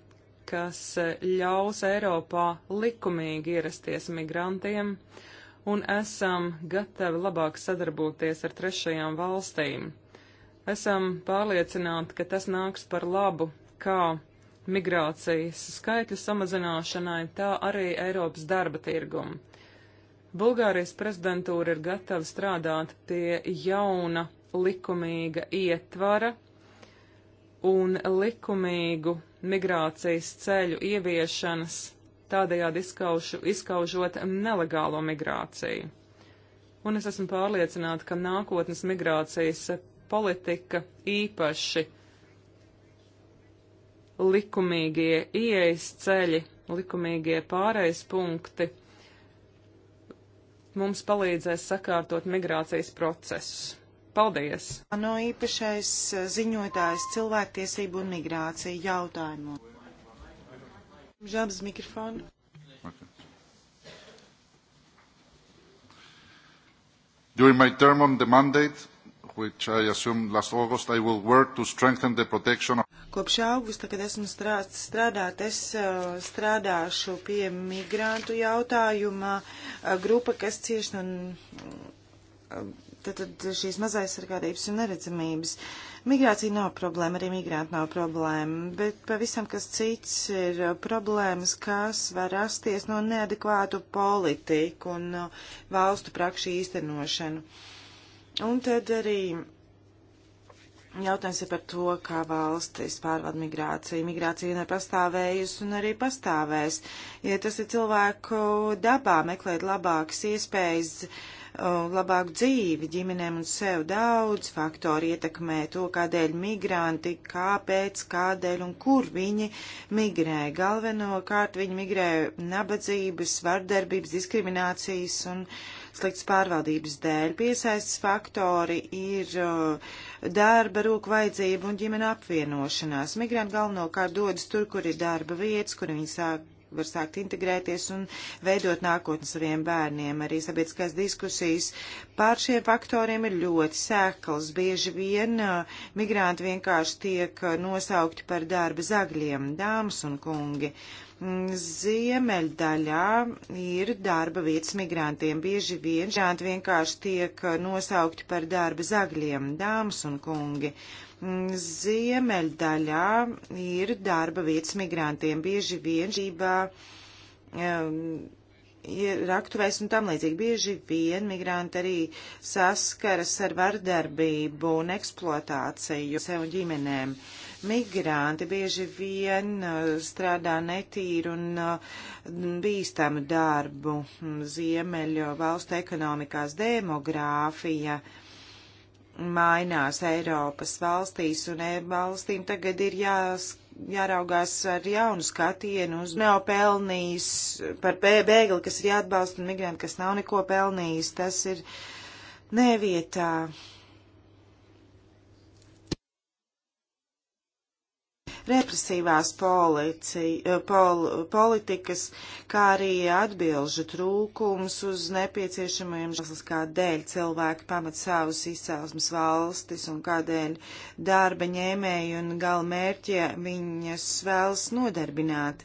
C: kas ļaus Eiropā likumīgi ierasties migrantiem, un esam gatavi labāk sadarboties ar trešajām valstīm. Esam pārliecināti, ka tas nāks par labu kā migrācijas skaitļu samazināšanai, tā arī Eiropas darba tirgumu. Bulgārijas prezidentūra ir gatava strādāt pie jauna likumīga ietvara un likumīgu migrācijas ceļu ieviešanas, tādējādi izkaušu, izkaužot nelegālo migrāciju. Un es esmu pārliecināta, ka nākotnes migrācijas politika īpaši likumīgie ieejas ceļi, likumīgie pārejas punkti mums palīdzēs sakārtot migrācijas procesus.
A: Paldies! No īpašais eh, ziņotājs cilvēktiesību un migrāciju jautājumu. Žabas mikrofonu. Okay. During my term on the mandate, which I assumed last August, I will work to strengthen the protection of... Kopš augusta, kad esmu strād, strādāt, es uh, strādāšu pie migrantu jautājuma uh, grupa, kas cieši no mm, uh, tad, tad šīs mazaizsargādības un neredzamības. Migrācija nav problēma, arī migrāti nav problēma, bet pavisam kas cits ir problēmas, kas var rasties no neadekvātu politiku un valstu prakšu īstenošanu. Uh, Un tad arī jautājums ir par to, kā valstis pārvalda migrāciju. Migrācija ir pastāvējusi un arī pastāvēs. Ja tas ir cilvēku dabā meklēt labākas iespējas, labāku dzīvi ģimenēm un sev daudz faktori ietekmē to, kādēļ migranti, kāpēc, kādēļ un kur viņi migrē. Galvenokārt viņi migrē nabadzības, vardarbības, diskriminācijas un. Uh, sliktas pārvaldības dēļ. Piesaistas faktori ir uh, darba, roku vajadzība un ģimene apvienošanās. Migranti galvenokārt dodas tur, kur ir darba vietas, kur viņi sāk var sākt integrēties un veidot nākotni saviem bērniem. Arī sabiedriskās diskusijas pār šiem faktoriem ir ļoti sēklas. Bieži vien uh, migranti vienkārši tiek uh, nosaukti par darba zagļiem, dāmas un kungi. Uh, Ziemeļdaļā ir darba vietas migrantiem. Bieži vien žanti vienkārši tiek nosaukti par darba zagļiem, dāmas un kungi. Ziemeļdaļā ir darba vietas migrantiem. Bieži vien žībā um, ir aktuvēs un tam līdzīgi. Bieži vien migranti arī saskaras ar vardarbību un eksploatāciju sev un ģimenēm. Migranti bieži vien uh, strādā netīru un uh, bīstamu darbu. Mm, Ziemeļu valstu ekonomikās demogrāfija mainās Eiropas valstīs un e valstīm tagad ir jāskatās jāraugās ar jaunu skatienu uz nav pelnījis, par bēgli, kas ir jāatbalsta un migrantu, kas nav neko pelnījis. Tas ir nevietā. Uh, represīvās policija, eh, pol, politikas, kā arī atbilžu trūkums uz nepieciešamajiem žēlas, kādēļ cilvēki pamat savus izcelsmes valstis un kādēļ darba ņēmēji un galmērķie viņas vēlas nodarbināt.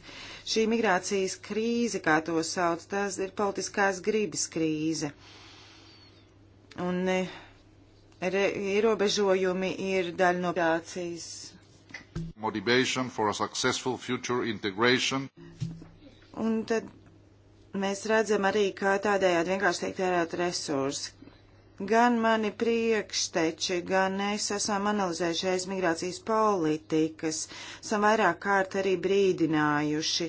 A: Šī migrācijas krīze, kā to sauc, tas ir politiskās gribas krīze. Un, eh, ierobežojumi ir daļa no migrācijas Un tad mēs redzam arī, kā tādējādi vienkārši tiek tērēt resursi. Gan mani priekšteči, gan es esam analizējuši reiz migrācijas politikas, esam vairāk kārt arī brīdinājuši.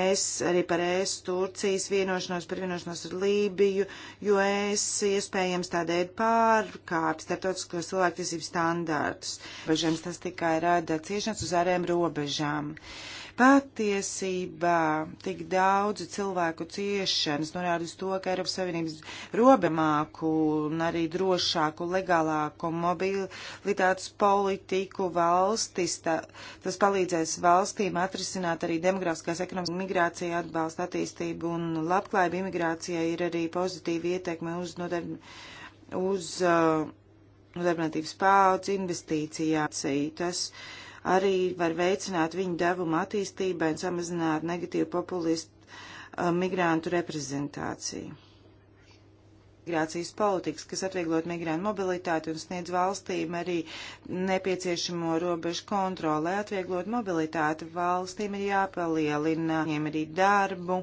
A: Es arī par es Turcijas vienošanos par vienošanos ar Lībiju, jo es iespējams tādēļ pārkāpju starptautisko cilvēktiesību standārtus. Bažams tas tikai rada ciešanas uz ārējām robežām. Uh, Patiesībā tik daudzu cilvēku ciešanas norāda uz to, ka Eiropas Savienības robamāku un arī drošāku, legālāku mobilitātes politiku valstis, tā, tas palīdzēs valstīm atrisināt arī demografiskās ekonomikas migrācija atbalsta attīstību un labklājība imigrācijai ir arī pozitīva ietekme uz, nodarb, uz uh, nodarbinātības paudz investīcijā. Tas, uh, arī var veicināt viņu devumu attīstībai un samazināt negatīvu populistu uh, migrantu reprezentāciju migrācijas politikas, kas atvieglot migrantu mobilitāti un sniedz valstīm arī nepieciešamo robežu kontroli. Lai atvieglot mobilitāti, valstīm ir jāpalielina, viņiem arī darbu,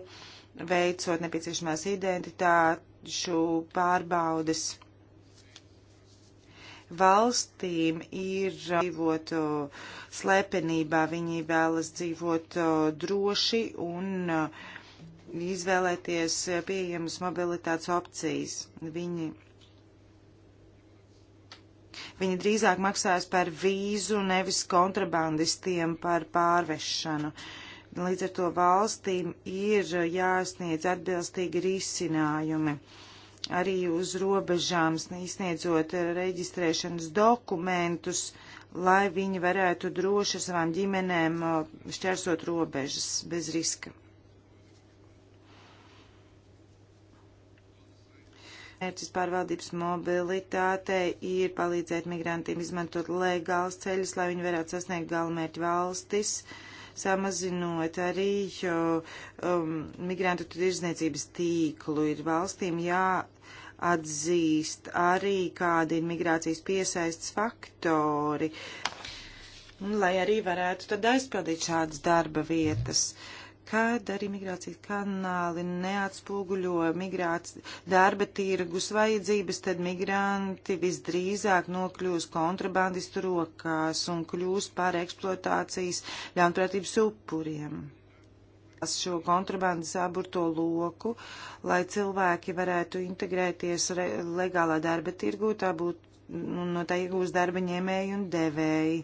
A: veicot nepieciešamās identitāšu pārbaudes valstīm ir uh, dzīvot uh, slēpenībā, viņi vēlas dzīvot uh, droši un izvēlēties pieejamas mobilitātes opcijas. Viņi Viņi drīzāk maksās par vīzu, nevis kontrabandistiem par pārvešanu. Līdz ar to valstīm ir jāsniedz atbilstīgi risinājumi. Uh, arī uz robežām sniedzot reģistrēšanas dokumentus, lai viņi varētu droši ar savām ģimenēm uh, šķērsot robežas bez riska. Mērķis pārvaldības mobilitātei ir palīdzēt migrantiem izmantot legāls ceļus, lai viņi varētu sasniegt galamērķu valstis, samazinot arī jo, um, migrantu tirzniecības tīklu. Ir valstīm jā, atzīst arī, kādi ir migrācijas piesaistes faktori, lai arī varētu tad aizpildīt šādas darba vietas. Kad arī migrācijas kanāli neatspūguļo migrāci, darba tirgus vajadzības, tad migranti visdrīzāk nokļūs kontrabandistu rokās un kļūs par eksploatācijas ļaunprātības upuriem šo kontrabandas aburto loku, lai cilvēki varētu integrēties re, legālā darba tirgū, tā būtu no tā iegūst darba ņēmēji un devēji.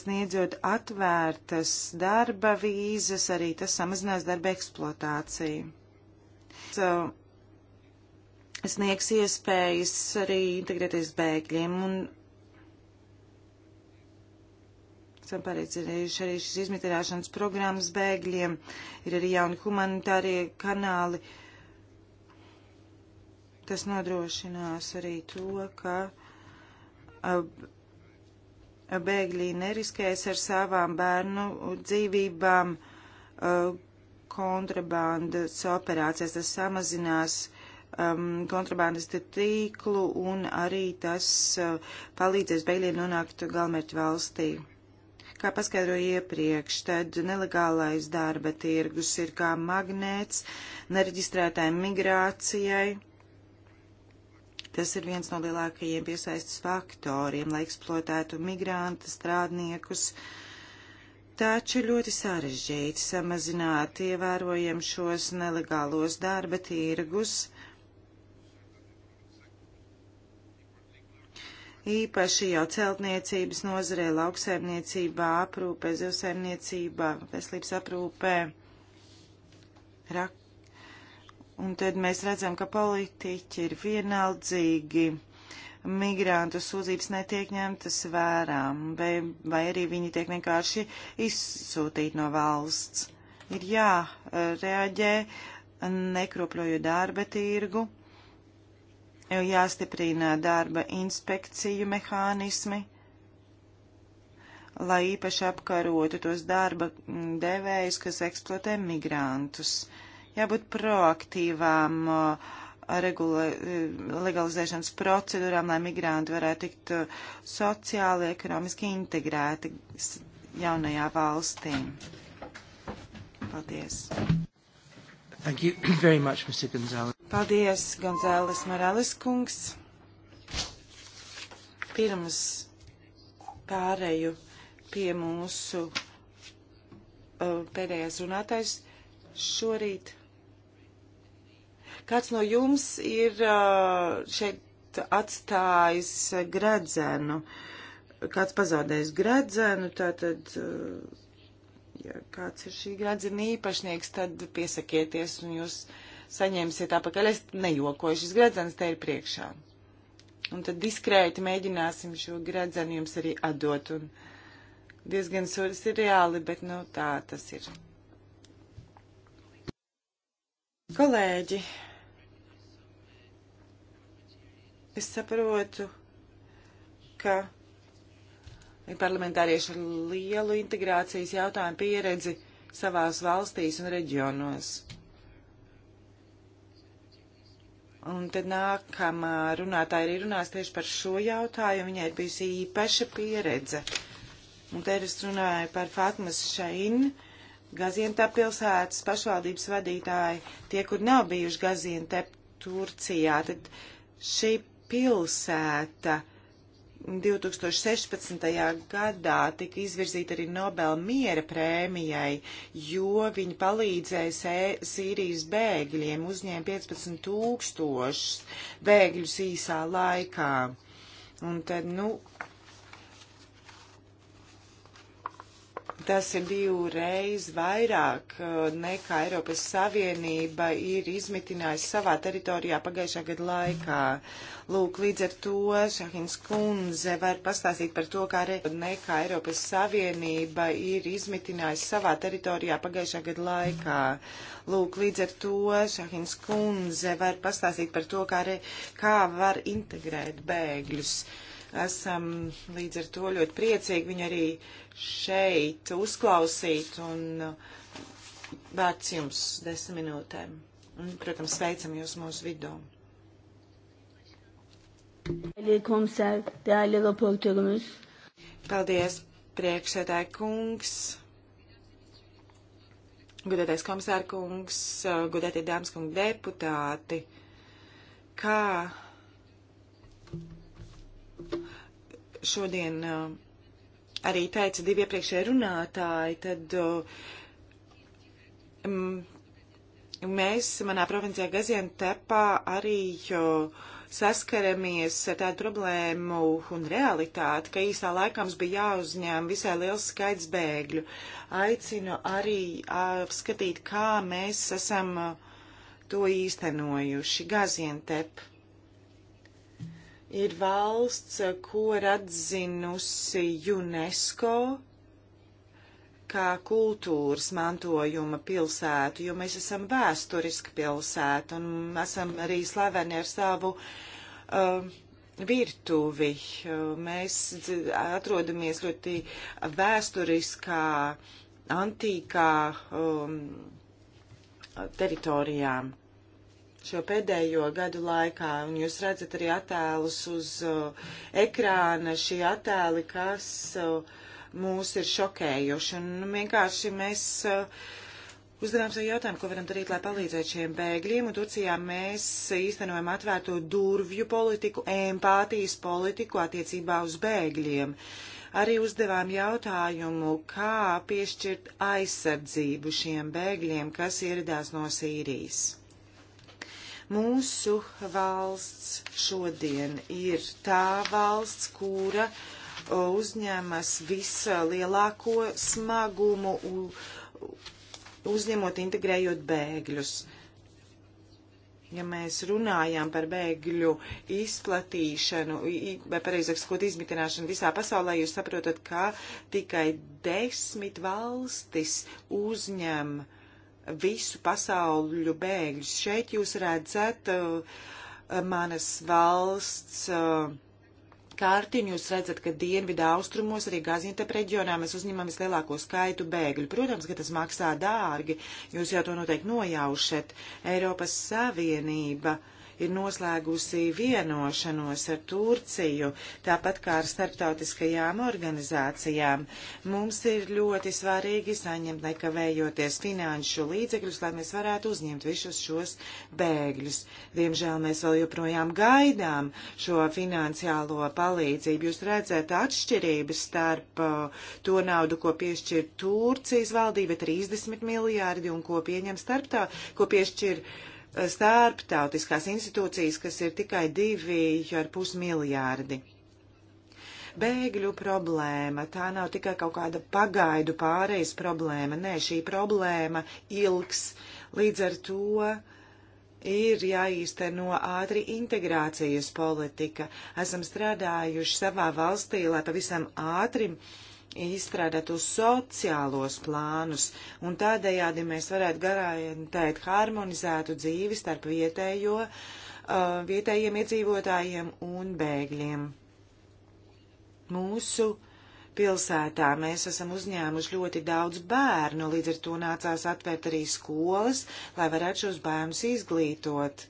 A: Sniedzot atvērtas darba vīzas, arī tas samazinās darba eksploatāciju. So, sniegs iespējas arī integrēties bēgļiem un Esam pareicinējuši arī šīs izmitināšanas programmas bēgļiem. Ir arī jauni humanitārie kanāli. Tas nodrošinās arī to, ka bēgļi neriskēs ar savām bērnu dzīvībām kontrabandas operācijas. Tas samazinās um, kontrabandista tīklu un arī tas uh, palīdzēs bēgļiem nonākt galmērķu valstī. Kā paskaidroju iepriekš, tad nelegālais darba tirgus ir kā magnēts nereģistrētai migrācijai. Tas ir viens no lielākajiem piesaistes faktoriem, lai eksploatētu migrantu strādniekus. Taču ļoti sarežģīti samazināt ievērojam šos nelegālos darba tirgus īpaši jau celtniecības nozarē, lauksaimniecībā, aprūpē, zivsaimniecībā, veselības aprūpē. Rak. Un tad mēs redzam, ka politiķi ir vienaldzīgi, migrantu sūdzības netiek ņemtas vērā, vai, vai arī viņi tiek vienkārši izsūtīti no valsts. Ir jāreaģē, nekropļojot darba tirgu, jāstiprina darba inspekciju mehānismi, lai īpaši apkarotu tos darba mm, devējus, kas eksploatē migrantus. Jābūt proaktīvām uh, regula, e, legalizēšanas procedūrām, lai migranti varētu tikt sociāli, ekonomiski integrēti jaunajā valstī. Paldies. Thank you very much, Mr. Gonzalez. Paldies, Gonzēlis Morales kungs. Pirms pārēju pie mūsu uh, pēdējais runātājs šorīt. Kāds no jums ir uh, šeit atstājis gredzenu? Kāds pazaudējis gredzenu, tātad. Uh, ja kāds ir šī gradzena īpašnieks, tad piesakieties un jūs saņemsiet apakaļ. Es nejokoju, šis gredzens te ir priekšā. Un tad diskrēti mēģināsim šo gredzenu jums arī atdot. Un diezgan suris ir reāli, bet nu tā tas ir. Kolēģi, es saprotu, ka ir parlamentārieši ar lielu integrācijas jautājumu pieredzi savās valstīs un reģionos. Un tad nākamā runātāja arī runās tieši par šo jautājumu. Viņai ir bijusi īpaša pieredze. Un te es runāju par Fatmas Šainu. Gazientē pilsētas pašvaldības vadītāji, tie, kur nav bijuši Gazientē Turcijā, tad šī pilsēta uh, 2016. gadā tika izvirzīta arī Nobela miera prēmijai, jo viņi palīdzēja Sīrijas bēgļiem, uzņēma 15 tūkstošus bēgļus īsā laikā. Un tad, nu, Tas ir divreiz vairāk uh, nekā Eiropas Savienība ir izmitinājusi savā teritorijā pagājušā gada laikā. Lūk, līdz ar to Šahins kundze var pastāstīt par to, kā re... nekā Eiropas Savienība ir izmitinājusi savā teritorijā pagājušā gada laikā. Lūk, līdz ar to Šahins kundze var pastāstīt par to, kā, re... kā var integrēt bēgļus. Uh, Esam līdz ar to ļoti priecīgi viņu arī šeit uzklausīt un uh, vērts jums desmit minūtēm. Un, protams, sveicam jūs mūsu vidū. Paldies, priekšsēdāja kungs. Gudētais komisārkungs, uh, gudētie dāmas kungi deputāti, kā šodien eh, arī teica divi iepriekšēji runātāji, tad um, mēs manā provincijā Gaziantepā arī eh, saskaramies ar tādu problēmu un realitāti, ka īsā laikā mums bija jāuzņem visai liels skaits bēgļu. Aicinu arī apskatīt, kā mēs esam to īstenojuši Gaziantepā ir valsts, ko ir atzinusi UNESCO kā kultūras mantojuma pilsētu, jo mēs esam vēsturiski pilsēta un esam arī slaveni ar savu uh, virtuvi. Um, mēs atrodamies ļoti vēsturiskā, antīkā um, teritorijām šo pēdējo gadu laikā. Un jūs redzat arī attēlus uz uh, ekrāna, šie attēli, kas uh, mūs ir šokējuši. Un nu, vienkārši mēs uh, uzdevām sev jautājumu, ko varam darīt, lai palīdzētu šiem bēgļiem. Un Turcijā mēs īstenojam atvērto durvju politiku, empātijas politiku attiecībā uz bēgļiem. Arī uzdevām jautājumu, kā piešķirt aizsardzību šiem bēgļiem, kas ieradās no Sīrijas. Mūsu valsts šodien ir tā valsts, kura uzņemas vislielāko smagumu uzņemot, integrējot bēgļus. Ja mēs runājām par bēgļu izplatīšanu, vai pareizāk sakot, izmitināšanu visā pasaulē, jūs saprotat, ka tikai desmit valstis uzņem uh, visu pasauļu bēgļus. Šeit jūs redzat uh, manas valsts uh, kārtiņu, jūs redzat, ka dienvidā austrumos, arī Gaziantep reģionā mēs uzņemam vislielāko skaitu bēgļu. Protams, ka tas maksā dārgi, jūs jau to noteikti nojaušat. Eiropas Savienība uh, ir noslēgusi vienošanos ar Turciju, tāpat kā ar starptautiskajām organizācijām. Mums ir ļoti svarīgi saņemt nekavējoties finanšu līdzekļus, lai mēs varētu uzņemt visus šos bēgļus. Diemžēl mēs vēl joprojām gaidām šo finansiālo palīdzību. Jūs redzat atšķirības starp uh, to naudu, ko piešķir Turcijas valdība 30 miljārdi un ko pieņem starptā, ko piešķir uh, starptautiskās institūcijas, kas ir tikai divi ar pus miljārdi. Bēgļu problēma, tā nav tikai kaut kāda pagaidu pārejas problēma, nē, šī problēma ilgs, līdz ar to ir jāīsteno ātri integrācijas politika. Esam strādājuši savā valstī, lai pavisam ātri uh, izstrādāt uz sociālos plānus, un tādējādi mēs varētu garantēt harmonizētu dzīvi starp vietējo, uh, vietējiem iedzīvotājiem un bēgļiem. Mūsu pilsētā mēs esam uzņēmuši ļoti daudz bērnu, līdz ar to nācās atvērt arī skolas, lai varētu šos bērnus izglītot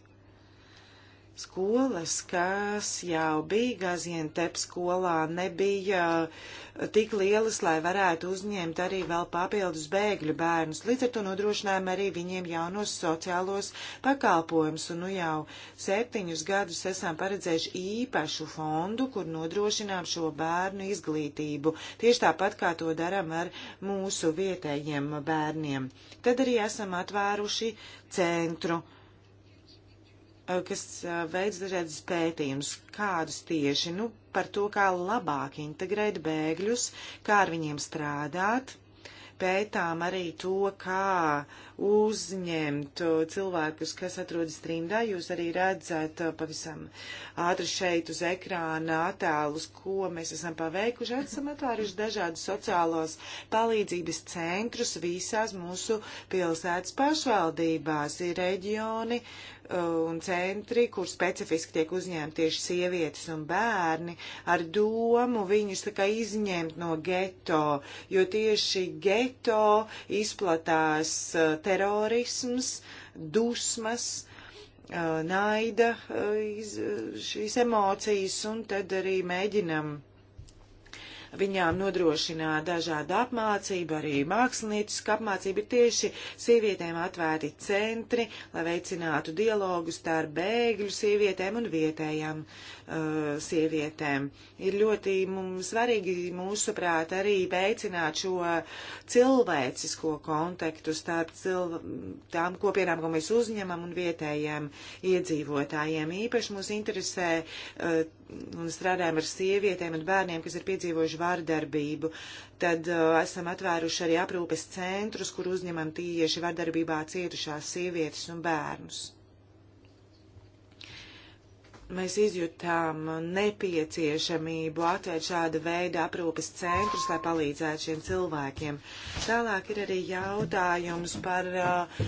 A: skolas, kas jau bija Gazientep skolā, nebija uh, tik lielas, lai varētu uzņemt arī vēl papildus bēgļu bērnus. Līdz ar to nodrošinājām arī viņiem jaunos sociālos pakalpojumus, un nu jau septiņus gadus esam paredzējuši īpašu fondu, kur nodrošinām šo bērnu izglītību, tieši tāpat kā to daram ar mūsu vietējiem bērniem. Tad arī esam atvēruši centru Eh, kas eh, veids dažādas pētījumus, kādus tieši, nu, par to, kā labāk integrēt bēgļus, kā ar viņiem strādāt. Pētām arī to, kā uzņemt eh, cilvēkus, kas atrodas trimdā. Jūs arī redzat pavisam ātri šeit uz ekrāna attēlus, ko mēs esam paveikuši. Esam atvēruši dažādus sociālos palīdzības centrus visās mūsu pilsētas pašvaldībās. Ir reģioni, uh, un centri, kur specifiski tiek uzņemti tieši sievietes un bērni, ar domu viņus tā kā izņemt no geto, jo tieši geto izplatās eh, terorisms, dusmas, eh, naida eh, šīs emocijas, un tad arī mēģinam viņām nodrošināt dažādu apmācību, arī māksliniecisku apmācību, ir tieši sievietēm atvērti centri, lai veicinātu dialogu starp bēgļu sievietēm un vietējām Uh, sievietēm. Ir ļoti mums svarīgi, mūsuprāt, arī veicināt šo cilvēcisko kontaktu starp cilv tām kopienām, ko mēs uzņemam un vietējiem iedzīvotājiem. Īpaši mūs interesē uh, un strādājam ar sievietēm un bērniem, kas ir piedzīvojuši vārdarbību. Tad uh, esam atvēruši arī aprūpes centrus, kur uzņemam tieši vārdarbībā cietušās sievietes un bērnus mēs izjutām nepieciešamību atvērt šāda veida aprūpes centrus, lai palīdzētu šiem cilvēkiem. Tālāk ir arī jautājums par uh,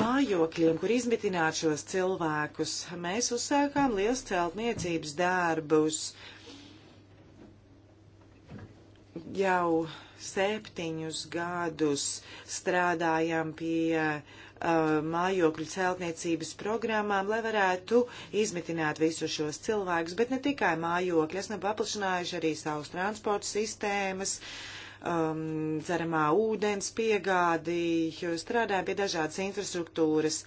A: mājokļiem, kur izmitināt šos cilvēkus. Mēs uzsākām liels celtniecības darbus jau septiņus gadus strādājam pie uh, Uh, mājokļu celtniecības programmām, lai varētu izmitināt visus šos cilvēkus, bet ne tikai mājokļi. Esam paplašinājuši arī savus transporta sistēmas, um, ceramā ūdens piegādi, strādājam pie dažādas infrastruktūras.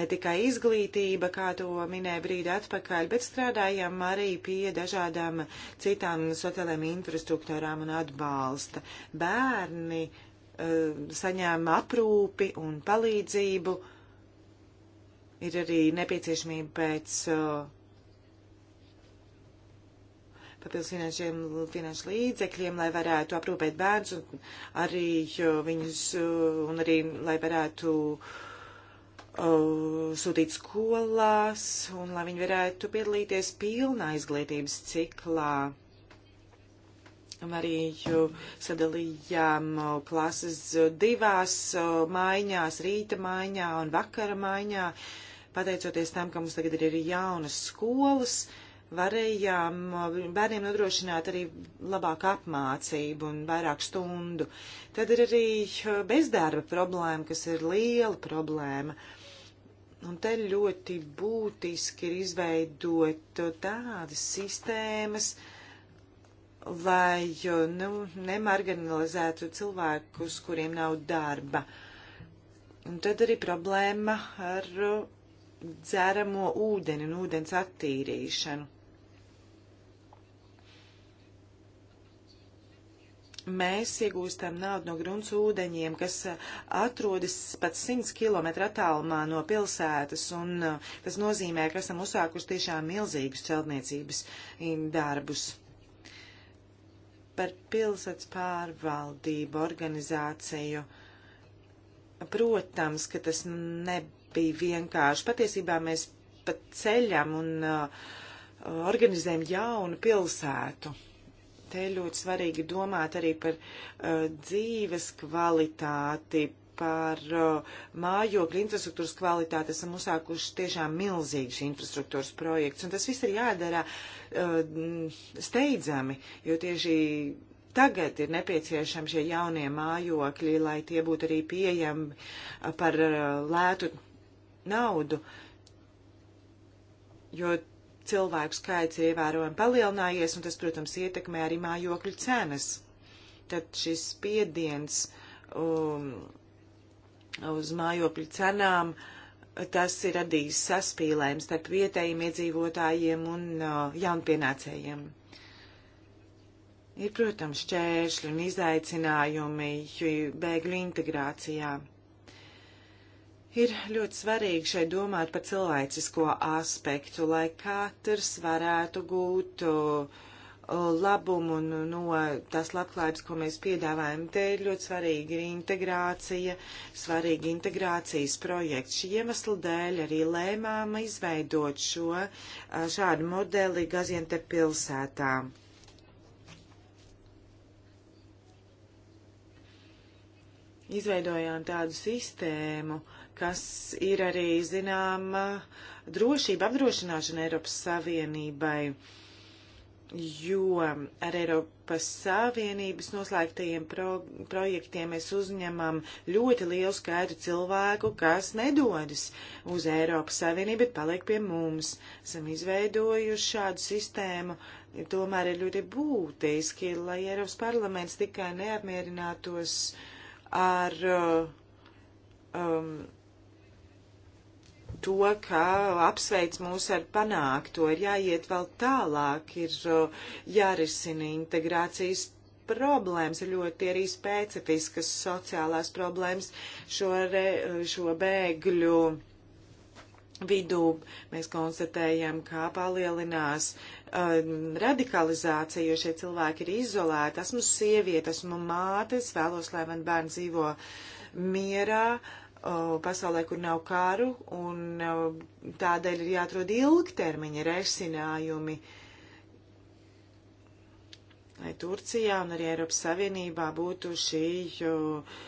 A: Ne tikai izglītība, kā to minēja brīdi atpakaļ, bet strādājam arī pie dažādām citām sociālajām infrastruktūrām un atbalsta. Bērni uh, Eh, saņēma aprūpi un palīdzību. Ir arī nepieciešamība pēc eh, papildus finanšiem, finanšu līdzekļiem, lai varētu aprūpēt bērns un arī eh, viņus, un arī, lai varētu uh, sūtīt skolās, un lai viņi varētu piedalīties pilnā izglītības ciklā arī sadalījām klases divās maiņās, rīta maiņā un vakara maiņā. Pateicoties tam, ka mums tagad ir arī jaunas skolas, varējām bērniem nodrošināt arī labāku apmācību un vairāk stundu. Tad ir arī bezdarba problēma, kas ir liela problēma. Un te ļoti būtiski ir izveidot tādas sistēmas, uh, lai nu, nemarginalizētu cilvēkus, kuriem nav darba. Un tad arī problēma ar dzēramo ūdeni un ūdens attīrīšanu. Mēs iegūstam naudu no grunts ūdeņiem, kas atrodas pat 100 km attālumā no pilsētas, un uh, tas nozīmē, ka esam uzsākuši tiešām milzīgus celtniecības mm, darbus par pilsētas pārvaldību organizāciju. Protams, ka tas nebija vienkārši. Patiesībā mēs pa ceļam un uh, organizējam jaunu pilsētu. Te ir ļoti svarīgi domāt arī par uh, dzīves kvalitāti, par uh, mājokļu infrastruktūras kvalitāti. Esam uzsākuši tiešām milzīgus infrastruktūras projektus, un tas viss ir jādara uh, steidzami, jo tieši tagad ir nepieciešami šie jaunie mājokļi, lai tie būtu arī pieejami uh, par lētu naudu, jo cilvēku skaits ir ievērojami palielinājies, un tas, protams, ietekmē arī mājokļu cenas. Tad šis spiediens um, uz mājokļu cenām, tas ir radījis saspīlējums starp vietējiem iedzīvotājiem un uh, jaunpienācējiem. Ir, protams, šķēršļi un izaicinājumi bēgļu integrācijā. Ir ļoti svarīgi šeit domāt par cilvēcisko aspektu, lai katrs varētu gūt uh, labumu nu, no tās labklājības, ko mēs piedāvājam. Te ir ļoti svarīga integrācija, svarīga integrācijas projekts. Šī iemesla dēļ arī lēmām izveidot šo šādu modeli Gaziente pilsētā. Izveidojām tādu sistēmu, kas ir arī, zinām, drošība apdrošināšana Eiropas Savienībai. Uh, jo ar Eiropas Savienības noslēgtajiem pro, projektiem mēs uzņemam ļoti lielu skaitu cilvēku, kas nedodas uz Eiropas Savienību, bet paliek pie mums. Esam izveidojuši šādu sistēmu. Tomēr ir ļoti būtiski, lai Eiropas parlaments tikai neapmierinātos ar uh, um, to, ka apsveic mūs ar panākto, ir jāiet vēl tālāk, ir jārisina integrācijas problēmas, ir ļoti arī specifiskas sociālās problēmas šo, re, šo bēgļu vidū. Mēs konstatējam, kā palielinās um, radikalizācija, jo šie cilvēki ir izolēti. Esmu sieviete, esmu māte, es vēlos, lai man bērni dzīvo mierā. Uh, Uh, pasaulē, kur nav karu, un uh, tādēļ ir jāatrod ilgtermiņa resinājumi, lai Turcijā un arī Eiropas Savienībā būtu šī uh,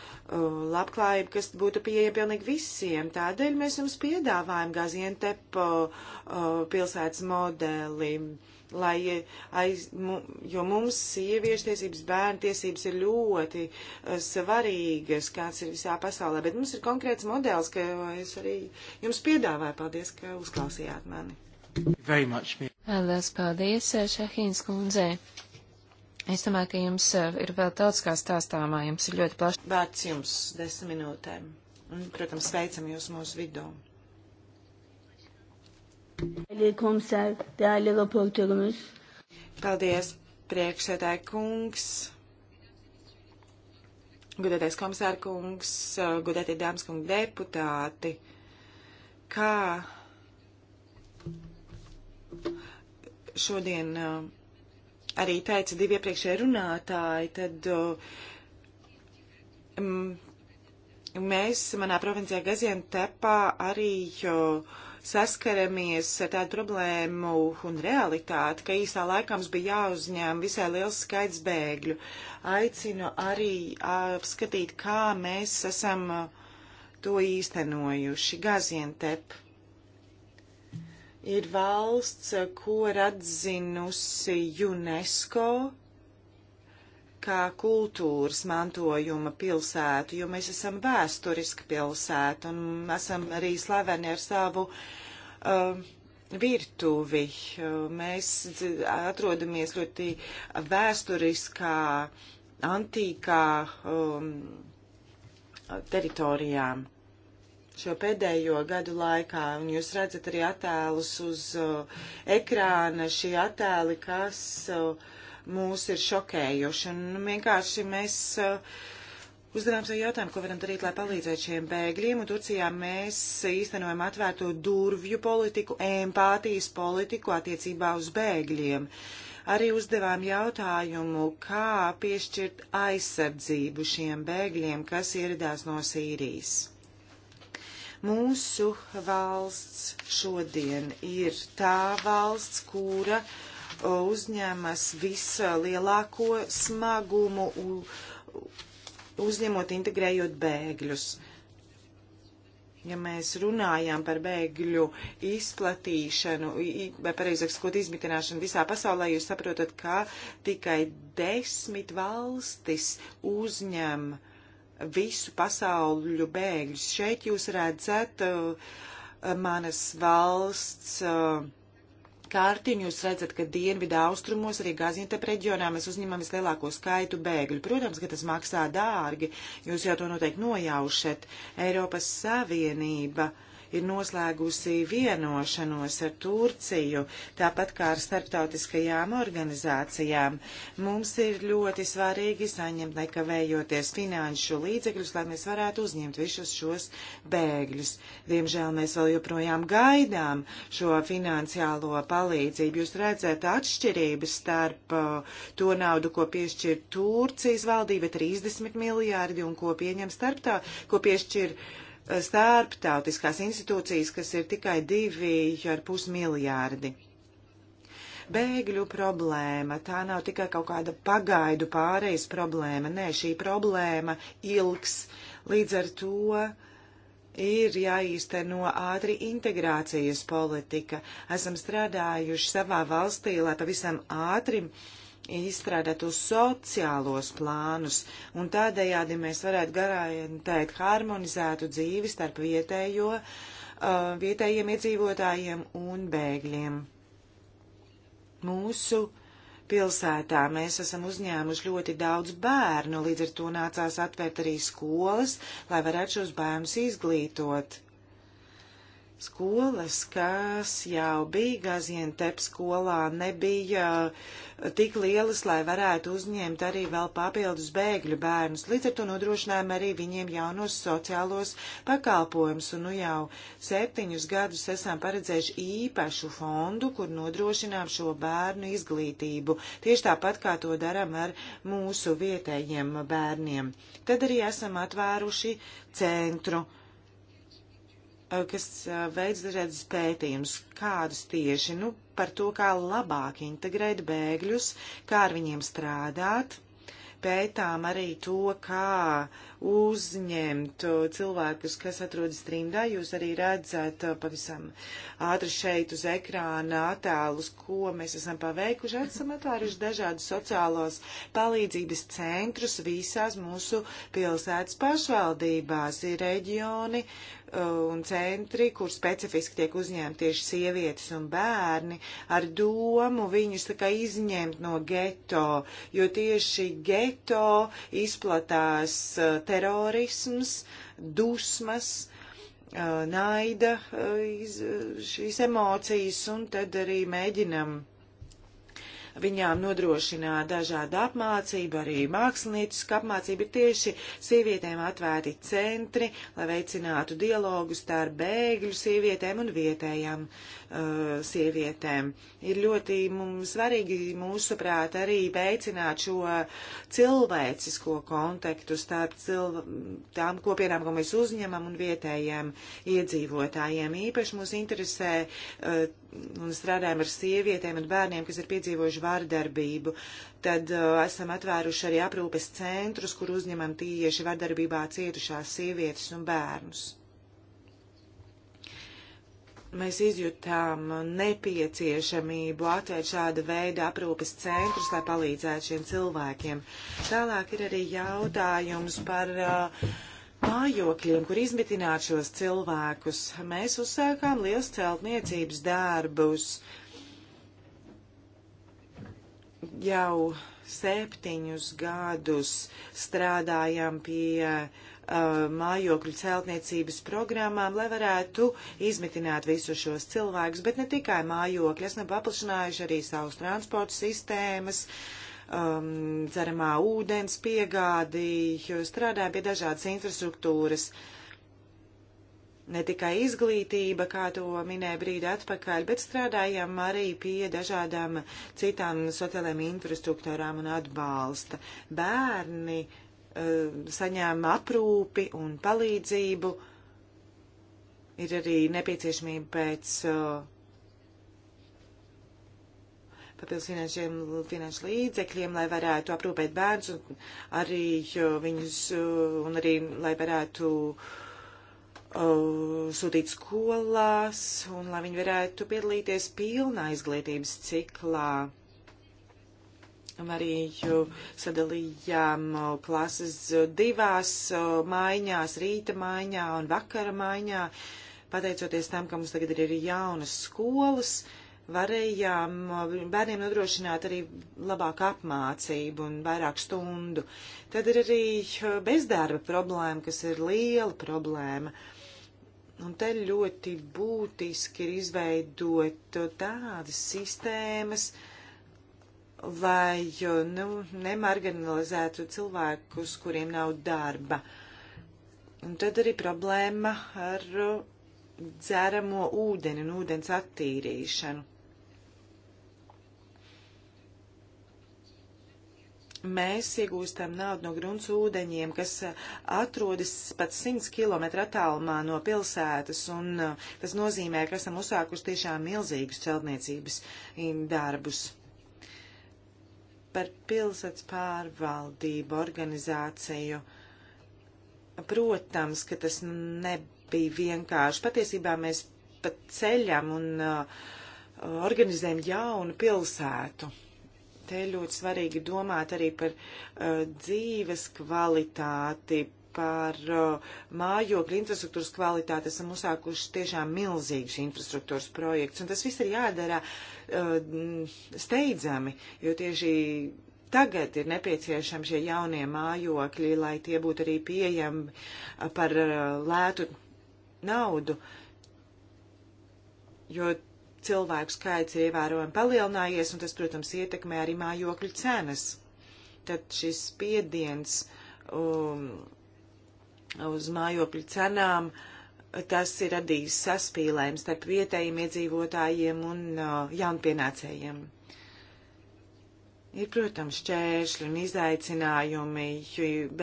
A: labklājība, kas būtu pieejama pilnīgi visiem. Tādēļ mēs jums piedāvājam Gazientep pilsētas modeli lai eh, aiz, mu, jo mums sieviešu tiesības, bērnu tiesības ir ļoti uh, svarīgas, kāds ir visā pasaulē, bet mums ir konkrēts modelis, ka es arī jums piedāvāju. Paldies, ka uzklausījāt mani.
B: Lielas paldies, eh, Šahīns kundzē. Es domāju, ka jums ir vēl daudz kā stāstāmā, jums ir ļoti plašs. Vārds jums desmit minūtēm.
A: Un, protams, sveicam jūs mūsu vidū.
D: Komisār, dēļ raportūrumus.
A: Paldies, priekšsēdāja kungs, gudētais komisāra kungs, gudētie dāmas kungi deputāti. Kā šodien eh, arī teica divi iepriekšēji runātāji, tad um, mēs manā provincijā Gazientepā arī uh, saskaramies ar tādu problēmu un realitāti, ka īsā laikā mums bija jāuzņem visai liels skaits bēgļu. Aicinu arī apskatīt, kā mēs esam uh, to īstenojuši. Gazientep ir valsts, uh, ko ir atzinusi UNESCO kā kultūras mantojuma pilsētu, jo mēs esam vēsturiski pilsēta un esam arī slaveni ar savu uh, virtuvi. Uh, mēs atrodamies ļoti vēsturiskā, antīkā um, teritorijām šo pēdējo gadu laikā, un jūs redzat arī attēlus uz uh, ekrāna, šie attēli, kas uh, mūs ir šokējuši. Un nu, vienkārši mēs uh, uzdevām sev jautājumu, ko varam darīt, lai palīdzētu šiem bēgļiem. Un Turcijā mēs īstenojam atvērto durvju politiku, empātijas politiku attiecībā uz bēgļiem. Arī uzdevām jautājumu, kā piešķirt aizsardzību šiem bēgļiem, kas ieradās no Sīrijas. Mūsu valsts šodien ir tā valsts, kura uh, uzņemas vislielāko smagumu, uzņemot, integrējot bēgļus. Ja mēs runājām par bēgļu izplatīšanu, vai pareizāk sakot, izmitināšanu visā pasaulē, jūs saprotat, ka tikai desmit valstis uzņem visu pasauļu bēgļus. Šeit jūs redzat uh, manas valsts. Uh, kārtiņu jūs redzat, ka dienvidā austrumos, arī Gaziantep reģionā mēs uzņemam vislielāko skaitu bēgļu. Protams, ka tas maksā dārgi, jūs jau to noteikti nojaušat. Eiropas Savienība uh, ir noslēgusi vienošanos ar Turciju, tāpat kā ar starptautiskajām organizācijām. Mums ir ļoti svarīgi saņemt nekavējoties finanšu līdzekļus, lai mēs varētu uzņemt visus šos bēgļus. Diemžēl mēs vēl joprojām gaidām šo finansiālo palīdzību. Jūs redzat atšķirības starp uh, to naudu, ko piešķir Turcijas valdība 30 miljārdi un ko pieņem starptā, ko piešķir uh, starptautiskās institūcijas, kas ir tikai divi ar pus miljārdi. Bēgļu problēma, tā nav tikai kaut kāda pagaidu pārejas problēma, nē, šī problēma ilgs, līdz ar to ir jāīsteno ātri integrācijas politika. Esam strādājuši savā valstī, lai pavisam ātri uh, izstrādātu sociālos plānus, un tādējādi mēs varētu garantēt harmonizētu dzīvi starp vietējo, uh, vietējiem iedzīvotājiem un bēgļiem. Mūsu pilsētā mēs esam uzņēmuši ļoti daudz bērnu, līdz ar to nācās atvērt arī skolas, lai varētu šos bērnus izglītot skolas, kas jau bija Gazientep skolā, nebija uh, tik lielas, lai varētu uzņemt arī vēl papildus bēgļu bērnus. Līdz ar to nodrošinājām arī viņiem jaunos sociālos pakalpojumus, un nu jau septiņus gadus esam paredzējuši īpašu fondu, kur nodrošinām šo bērnu izglītību, tieši tāpat kā to daram ar mūsu vietējiem bērniem. Tad arī esam atvēruši centru Eh, kas eh, veids dažādas pētījumus, kādus tieši, nu, par to, kā labāk integrēt bēgļus, kā ar viņiem strādāt. Pētām arī to, kā uzņemt cilvēkus, kas atrodas trimdā. Jūs arī redzat uh, pavisam ātri šeit uz ekrāna attēlus, ko mēs esam paveikuši. Esam atvēruši dažādus sociālos palīdzības centrus visās mūsu pilsētas pašvaldībās. Ir reģioni, uh, un centri, kur specifiski tiek uzņemti tieši sievietes un bērni, ar domu viņus tā kā izņemt no geto, jo tieši geto izplatās te uh, terorisms, dusmas, naida šīs emocijas, un tad arī mēģinam viņām nodrošināt dažādu apmācību, arī māksliniecisku apmācību, ir tieši sievietēm atvērti centri, lai veicinātu dialogu starp bēgļu sievietēm un vietējām uh, sievietēm. Ir ļoti mums svarīgi, mūsuprāt, arī veicināt šo cilvēcisko kontaktu starp cilv tām kopienām, ko mēs uzņemam, un vietējiem iedzīvotājiem. Īpaši mūs interesē uh, un strādājam ar sievietēm un bērniem, kas ir piedzīvojuši vārdarbību. Tad uh, esam atvēruši arī aprūpes centrus, kur uzņemam tieši vārdarbībā cietušās sievietes un bērnus. Mēs izjutām nepieciešamību atvērt šāda veida aprūpes centrus, lai palīdzētu šiem cilvēkiem. Tālāk ir arī jautājums par uh, mājokļiem, kur izmitināt šos cilvēkus. Mēs uzsākām liels celtniecības darbus jau septiņus gadus strādājam pie uh, mājokļu celtniecības programmām, lai varētu izmitināt visus šos cilvēkus, bet ne tikai mājokļi. Esam paplašinājuši arī savus transporta sistēmas, uh, um, dzeramā ūdens piegādi, strādāja pie dažādas infrastruktūras. Ne tikai izglītība, kā to minēja brīdi atpakaļ, bet strādājam arī pie dažādām citām sociālajām infrastruktūrām un atbalsta. Bērni uh, saņēma aprūpi un palīdzību. Ir arī nepieciešamība pēc uh, papildus finanšiem, finanšu līdzekļiem, lai varētu aprūpēt bērns un arī viņus, un arī, lai varētu uh, sūtīt skolās, un lai viņi varētu piedalīties pilnā izglītības ciklā. Un arī sadalījām klases divās maiņās, rīta maiņā un vakara maiņā. Pateicoties tam, ka mums tagad ir jaunas skolas, uh, varējām uh, bērniem nodrošināt arī labāku apmācību un vairāk stundu. Tad ir arī uh, bezdarba problēma, kas ir liela problēma. Un te ļoti būtiski ir izveidot uh, tādas sistēmas, lai nu, nemarginalizētu cilvēkus, kuriem nav darba. Un tad arī problēma ar dzēramo ūdeni un ūdens attīrīšanu. mēs iegūstam naudu no grunts ūdeņiem, kas eh, atrodas pat 100 km attālumā no pilsētas, un eh, tas nozīmē, ka esam uzsākuši tiešām milzīgus celtniecības hm, darbus. Par pilsētas pārvaldību organizāciju. Protams, ka tas nebija vienkārši. Patiesībā mēs pat ceļam un uh, organizējam jaunu pilsētu Te ļoti svarīgi domāt arī par uh, dzīves kvalitāti, par uh, mājokļu infrastruktūras kvalitāti. Esam uzsākuši tiešām milzīgus infrastruktūras projekts, un tas viss ir jādara uh, steidzami, jo tieši tagad ir nepieciešami šie jaunie mājokļi, lai tie būtu arī pieejami uh, par uh, lētu naudu. Jo cilvēku skaits ir ievērojami palielinājies, un tas, protams, ietekmē arī mājokļu cenas. Tad šis spiediens um, uz mājokļu cenām, tas ir radījis saspīlējums starp vietējiem iedzīvotājiem un uh, jaunpienācējiem. Ir, protams, šķēršļi un izaicinājumi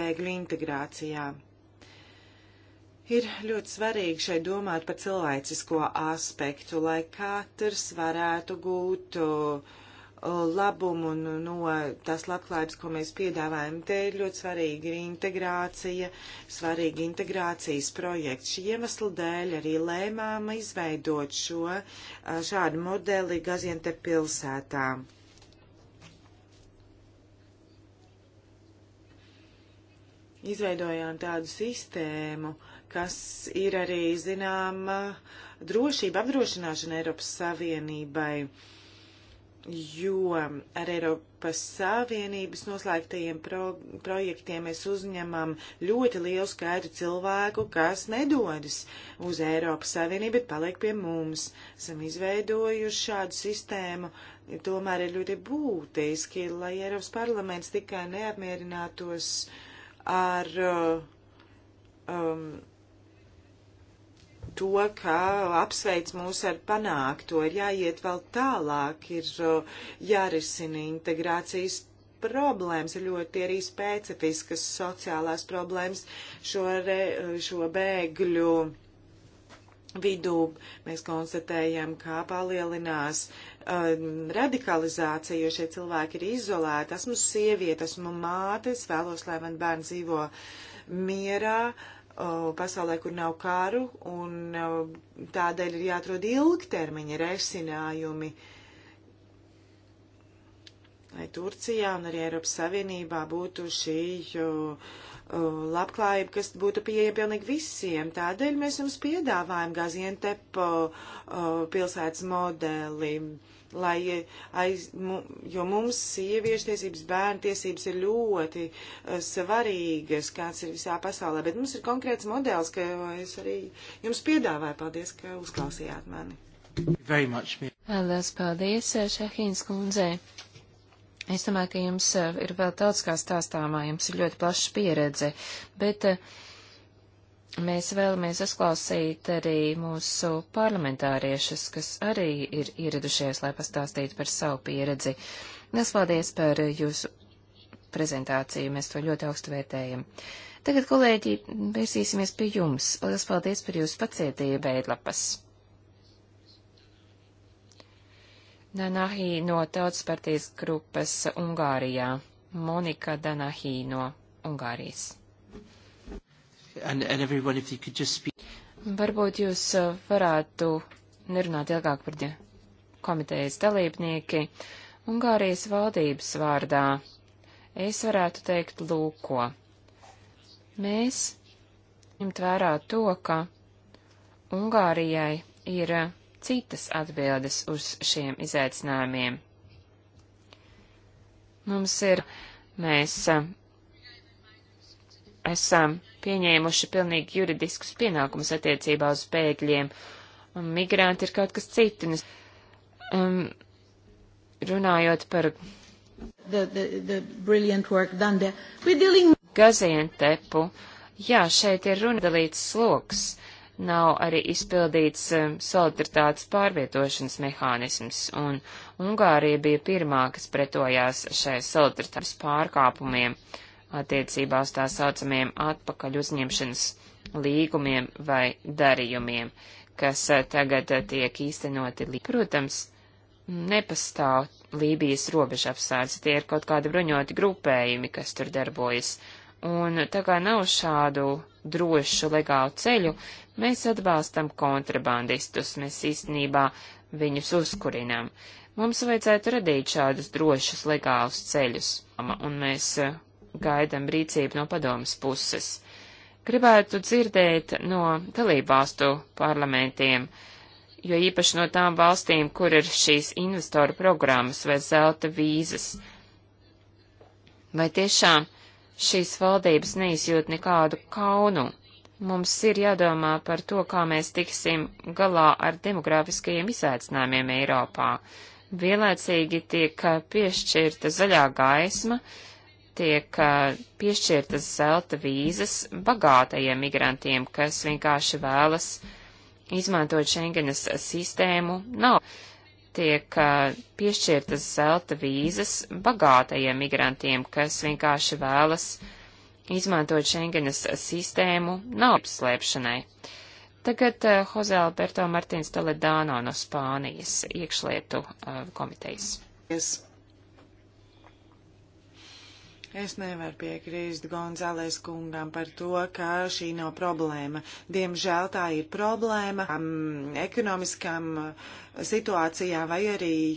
A: bēgļu integrācijā. Ir ļoti svarīgi šeit domāt par cilvēcisko aspektu, lai katrs varētu gūt uh, labumu no tās labklājības, ko mēs piedāvājam. Te ir ļoti svarīga integrācija, svarīga integrācijas projekts. Šī iemesla dēļ arī lēmām izveidot šo uh, šādu modeli Gaziente pilsētā. Izveidojām tādu sistēmu, uh, kas ir arī, zinām, drošība apdrošināšana Eiropas Savienībai, jo ar Eiropas Savienības noslēgtajiem pro projektiem mēs uzņemam ļoti lielu skaitu cilvēku, kas nedodas uz Eiropas Savienību, bet paliek pie mums. Esam izveidojuši šādu sistēmu. Tomēr ir ļoti būtiski, lai Eiropas parlaments tikai neapmierinātos ar um, to, ka apsveic mūs ar panākto, ir jāiet vēl tālāk, ir uh, jārisina integrācijas problēmas, ir ļoti arī specifiskas sociālās problēmas šo, re, šo bēgļu vidū mēs konstatējam, kā palielinās um, radikalizācija, jo šie cilvēki ir izolēti. Esmu sieviete, esmu māte, es vēlos, lai man bērni dzīvo mierā. Uh, Uh, pasaulē, kur nav kāru, un uh, tādēļ ir jāatrod ilgtermiņa resinājumi. Lai Turcijā un arī Eiropas Savienībā būtu šī uh, labklājība, kas būtu pieejama pilnīgi visiem. Tādēļ mēs jums piedāvājam Gazientep pilsētas modeli lai eh, aiz, jo mums sieviešu tiesības, bērnu tiesības ir ļoti eh, svarīgas, kāds ir visā pasaulē, bet mums ir konkrēts modelis, ka es arī jums piedāvāju. Paldies, ka uzklausījāt mani.
B: Vēlēs paldies, eh, Šahīns kundzei. Es domāju, ka jums ir vēl daudz kā stāstāmā, jums ir ļoti plaša pieredze, bet uh, Mēs vēlamies uzklausīt arī mūsu parlamentāriešus, kas arī ir ieradušies, lai pastāstītu par savu pieredzi. Liels paldies par jūsu prezentāciju, mēs to ļoti augstu vērtējam. Tagad, kolēģi, vērsīsimies pie jums. Liels paldies par jūsu pacietību, beidlapas. Danahī no Tautas partijas grupas Ungārijā. Monika Danahī no Ungārijas and, and everyone, if you could just speak. Varbūt jūs uh, varētu nerunāt ilgāk par komitejas dalībnieki Ungārijas valdības vārdā. Es varētu teikt lūko. Mēs ņemt vērā to, ka Ungārijai ir uh, citas atbildes uz šiem izaicinājumiem. Mums ir, mēs uh, esam pieņēmuši pilnīgi juridiskus pienākumus attiecībā uz bēgļiem. Migranti ir kaut kas cits. Un, um, runājot par the, the, the brilliant work done there, we're dealing gazientepu, jā, šeit ir runa dalīts sloks. Nav arī izpildīts um, solidaritātes pārvietošanas mehānisms, un Ungārija bija pirmā, kas pretojās šai solidaritātes pārkāpumiem. Uh, attiecībā uz tā saucamiem atpakaļ uzņemšanas līgumiem vai darījumiem, kas eh, tagad eh, tiek īstenoti. Protams, nepastāv Lībijas robeža apsārts, tie ir kaut kādi bruņoti grupējumi, kas tur darbojas. Un tā kā nav šādu drošu legālu ceļu, mēs atbalstam kontrabandistus, mēs īstenībā viņus uzkurinām. Mums vajadzētu radīt šādus drošus legālus ceļus, un mēs eh, gaidam rīcību no padomas puses. Gribētu dzirdēt no dalībvalstu parlamentiem, jo īpaši no tām valstīm, kur ir šīs investoru programmas vai zelta vīzas. Vai tiešām šīs valdības neizjūt nekādu kaunu? Mums ir jādomā par to, kā mēs tiksim galā ar demografiskajiem izaicinājumiem Eiropā. Vienlaicīgi tiek piešķirta zaļā gaisma, uh, tiek piešķirtas zelta vīzas bagātajiem migrantiem, kas vienkārši vēlas izmantot Schengenas sistēmu. Nav tiek piešķirtas zelta vīzas bagātajiem migrantiem, kas vienkārši vēlas izmantot Schengenas sistēmu naudas slēpšanai. Tagad Jose Alberto Martins Toledano no Spānijas iekšlietu komitejas. Yes.
A: Es nevaru piekrīst Gonzāles kungam par to, ka šī nav problēma. Diemžēl tā ir problēma um, ekonomiskam uh, situācijā vai arī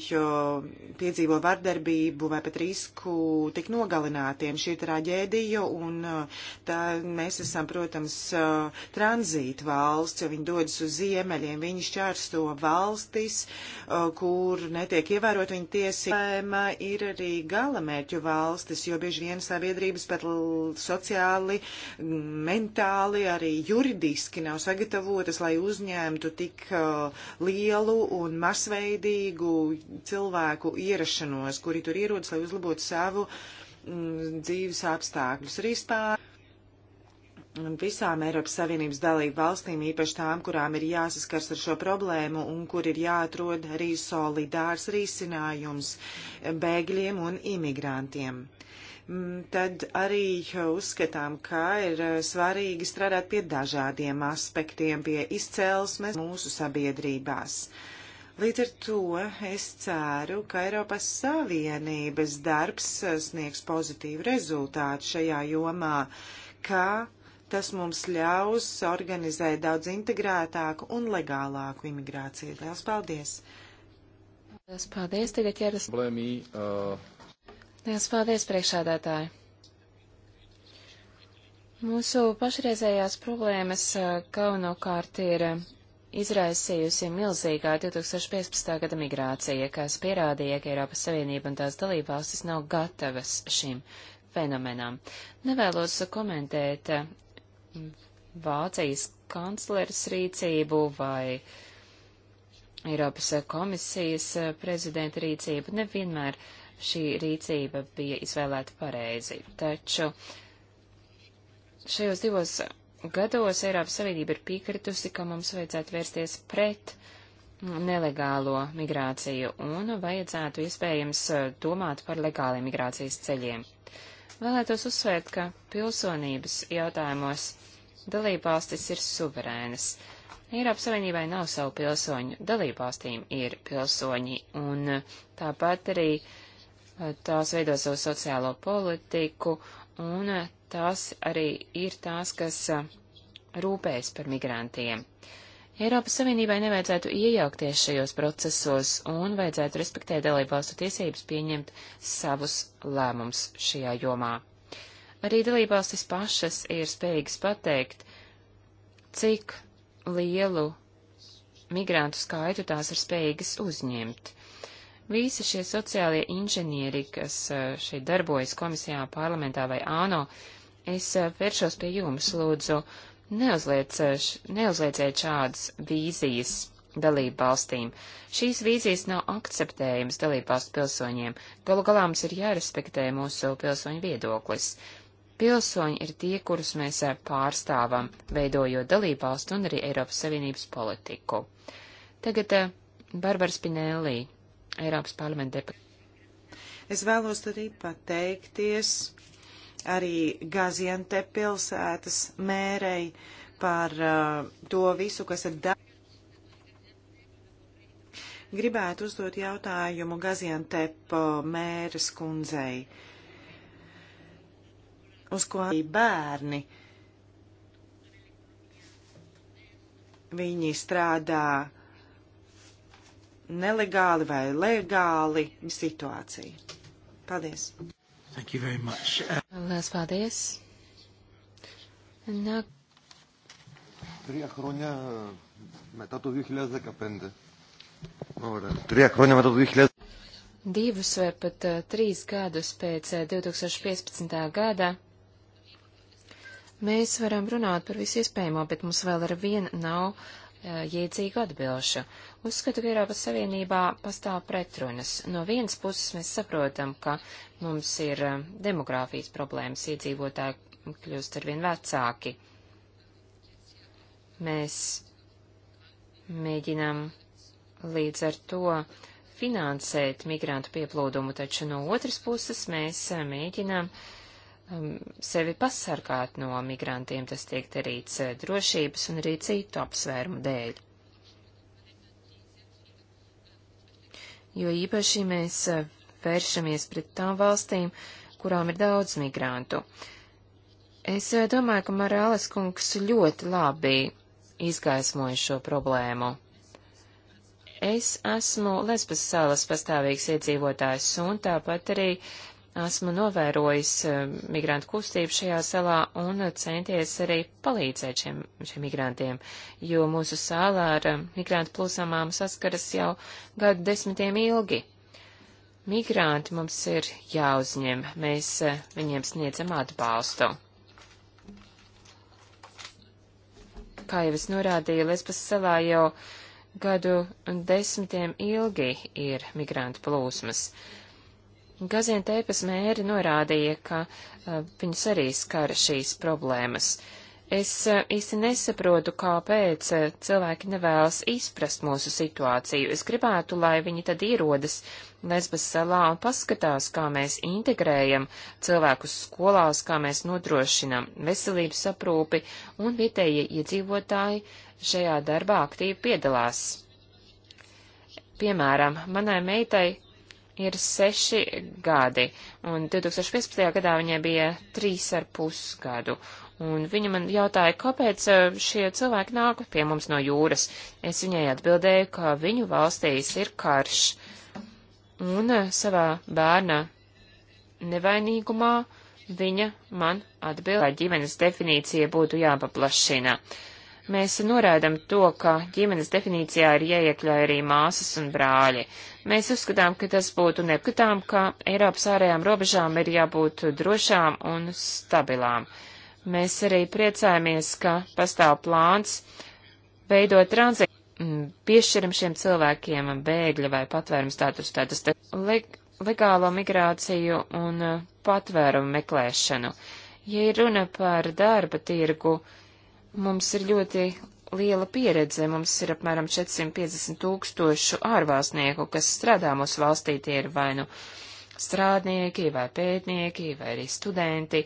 A: piedzīvo vardarbību vai pat risku tik nogalinātiem. Šī ir traģēdija un uh, tā mēs esam, protams, uh, tranzīta valsts, jo viņi dodas uz ziemeļiem, viņi šķērsto valstis, uh, kur netiek ievērot viņa tiesība. Ir arī galamērķu valstis, jo bieži vien sabiedrības pat sociāli, mentāli, arī juridiski nav sagatavotas, lai uzņemtu tik lielu un un masveidīgu cilvēku ierašanos, kuri tur ierodas, lai uzlabotu savu mm, dzīves apstākļus. Arī spār visām Eiropas Savienības dalību valstīm, īpaši tām, kurām ir jāsaskars ar šo problēmu un kur ir jāatrod arī solidārs risinājums bēgļiem un imigrantiem. Mm, tad arī uzskatām, ka ir eh, svarīgi strādāt pie dažādiem aspektiem, pie izcelsmes mūsu sabiedrībās. Uh, Līdz ar to es ceru, ka Eiropas Savienības darbs sniegs pozitīvu rezultātu šajā jomā, ka tas mums ļaus organizēt daudz integrētāku un legālāku imigrāciju. Lielas paldies!
B: Lielas paldies, tagad ķeras. Lielas paldies, priekšādātāji! Mūsu pašreizējās problēmas galvenokārt ir izraisījusi milzīgā 2015. gada migrācija, kas pierādīja, ka Eiropas Savienība un tās dalībvalstis nav gatavas šim fenomenam. Nevēlos komentēt mm, Vācijas kancleres rīcību vai Eiropas komisijas eh, prezidenta rīcību. Nevienmēr šī rīcība bija izvēlēta pareizi, taču šajos divos gados Eiropas Savienība ir piekritusi, ka mums vajadzētu vērsties pret nelegālo migrāciju un vajadzētu iespējams eh, domāt par legāliem migrācijas ceļiem. Vēlētos uzsvērt, ka pilsonības jautājumos dalībvalstis ir suverēnas. Eiropas Savienībai nav savu pilsoņu, dalībvalstīm ir pilsoņi, un eh, tāpat arī eh, tās veido savu sociālo politiku un eh, tās arī ir tās, kas eh, rūpējas par migrantiem. Eiropas Savienībai nevajadzētu iejaukties šajos procesos un vajadzētu respektēt dalībvalstu tiesības pieņemt savus lēmumus šajā jomā. Arī dalībvalstis pašas ir spējīgas pateikt, cik lielu migrantu skaitu tās ir spējīgas uzņemt. Visi šie sociālie inženieri, kas eh, šeit darbojas komisijā, parlamentā vai ANO, es eh, vēršos pie jums, lūdzu, neuzliec, eh, neuzlieciet šādas vīzijas dalību valstīm. Šīs vīzijas nav akceptējamas dalību valstu pilsoņiem. Galu galā mums ir jārespektē mūsu pilsoņu viedoklis. Pilsoņi ir tie, kurus mēs pārstāvam, veidojot dalībvalstu un arī Eiropas Savienības politiku. Tagad Barbara Spinelli Eiropas parlamenta deputāti.
A: Es vēlos arī pateikties arī Gaziente pilsētas mērei par uh, to visu, kas ir darīts. Gribētu uzdot jautājumu Gaziantepo mēras kundzei, uz ko arī bērni. Viņi strādā nelegāli vai legāli situācija. Paldies!
B: Thank you very much. Lielas paldies! Nāk...
C: Τρία χρόνια μετά το 2015. Ωραία. Τρία
B: χρόνια μετά το 2015. Divus vai pat uh, trīs gadus pēc uh, eh, 2015. gada mēs varam runāt par visu iespējamo, bet mums vēl ar vienu nav uh, E, jēdzīgu atbilšu. Uzskatu, ka Eiropas Savienībā pastāv pretrunas. No vienas puses mēs saprotam, ka mums ir e, demogrāfijas problēmas, iedzīvotāji kļūst arvien vecāki. Mēs mēģinam līdz ar to finansēt migrantu pieplūdumu, taču no otras puses mēs e, mēģinam uh, Um, sevi pasargāt no migrantiem, tas tiek darīts uh, drošības un arī citu apsvērumu dēļ. Jo īpaši mēs uh, vēršamies pret tām valstīm, kurām ir daudz migrantu. Es uh, domāju, ka Marāles kungs ļoti labi izgaismoja šo problēmu. Es esmu Lesbas salas pastāvīgs iedzīvotājs un tāpat arī esmu novērojis e, migrantu kustību šajā salā un centies arī palīdzēt šiem, šiem migrantiem, jo mūsu salā ar e, migrantu plūsamām saskaras jau gadu desmitiem ilgi. Migranti mums ir jāuzņem, mēs e, viņiem sniedzam atbalstu. kā jau es norādīju, Lesbas salā jau gadu desmitiem ilgi ir migrantu plūsmas. Gazientēpas mēri norādīja, ka uh, viņus arī skara šīs problēmas. Es uh, īsti nesaprotu, kāpēc uh, cilvēki nevēlas izprast mūsu situāciju. Es gribētu, lai viņi tad ierodas Lesbas salā un paskatās, kā mēs integrējam cilvēkus skolās, kā mēs nodrošinam veselības aprūpi, un vietējie iedzīvotāji šajā darbā aktīvi piedalās. Piemēram, manai meitai ir seši gadi, un 2015. gadā viņai bija trīs ar pusgadu. Un viņa man jautāja, kāpēc e, šie cilvēki nāk pie mums no jūras. Es viņai atbildēju, ka viņu valstīs ir karš. Un e, savā bērna nevainīgumā viņa man atbildēja, ka ģimenes definīcija būtu jāpaplašina. Uh, Mēs norādam to, ka ģimenes definīcijā ir jāiekļauj arī māsas un brāļi. Mēs uzskatām, ka tas būtu nepkatām, ka Eiropas ārējām robežām ir jābūt drošām un stabilām. Mēs arī priecājamies, ka pastāv plāns veidot tranzītu piešķiram šiem cilvēkiem bēgļa vai patvērumu status, tātad tā, le, legālo migrāciju un uh, patvērumu meklēšanu. Ja ir runa par darba tirgu, uh, Mums ir ļoti liela pieredze. Mums ir apmēram 450 tūkstošu ārvalstnieku, kas strādā mūsu valstī. Tie ir vai nu strādnieki, vai pētnieki, vai arī studenti.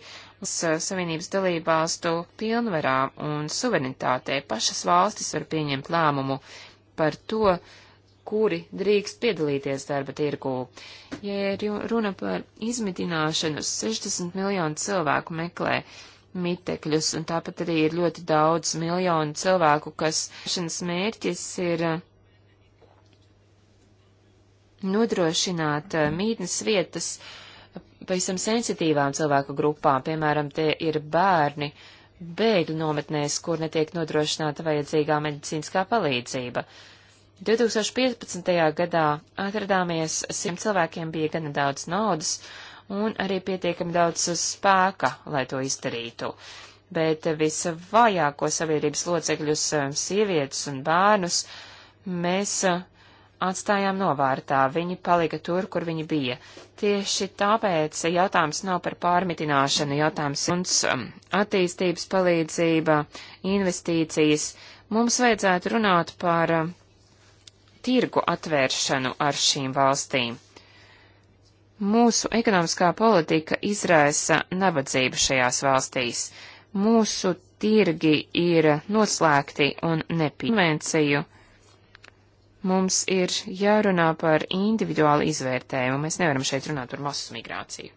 B: Uz Savienības dalībvalstu pilnvarā un suverenitātē pašas valstis var pieņemt lēmumu par to, kuri drīkst piedalīties darba tirgū. Ja ir runa par izmitināšanu, 60 miljonu cilvēku meklē mitekļus, un tāpat arī ir ļoti daudz miljonu cilvēku, kas šanas mērķis ir uh, nodrošināt uh, mītnes vietas pavisam sensitīvām cilvēku grupām, piemēram, tie ir bērni bēgļu nometnēs, kur netiek nodrošināta vajadzīgā medicīniskā palīdzība. 2015. gadā atradāmies, simt cilvēkiem bija gana daudz naudas, un arī pietiekami daudz spēka, lai to izdarītu. Bet visvājāko sabiedrības locekļus, eh, sievietes un bērnus, mēs eh, atstājām novārtā, viņi palika tur, kur viņi bija. Tieši tāpēc jautājums nav par pārmitināšanu, jautājums ir eh, attīstības palīdzība, investīcijas. Mums vajadzētu runāt par tirgu atvēršanu ar šīm valstīm. Mūsu ekonomiskā politika izraisa nabadzību šajās valstīs. Mūsu tirgi ir noslēgti un nepiemenciju. Mums ir jārunā par individuālu izvērtējumu. Mēs nevaram šeit runāt par masu migrāciju.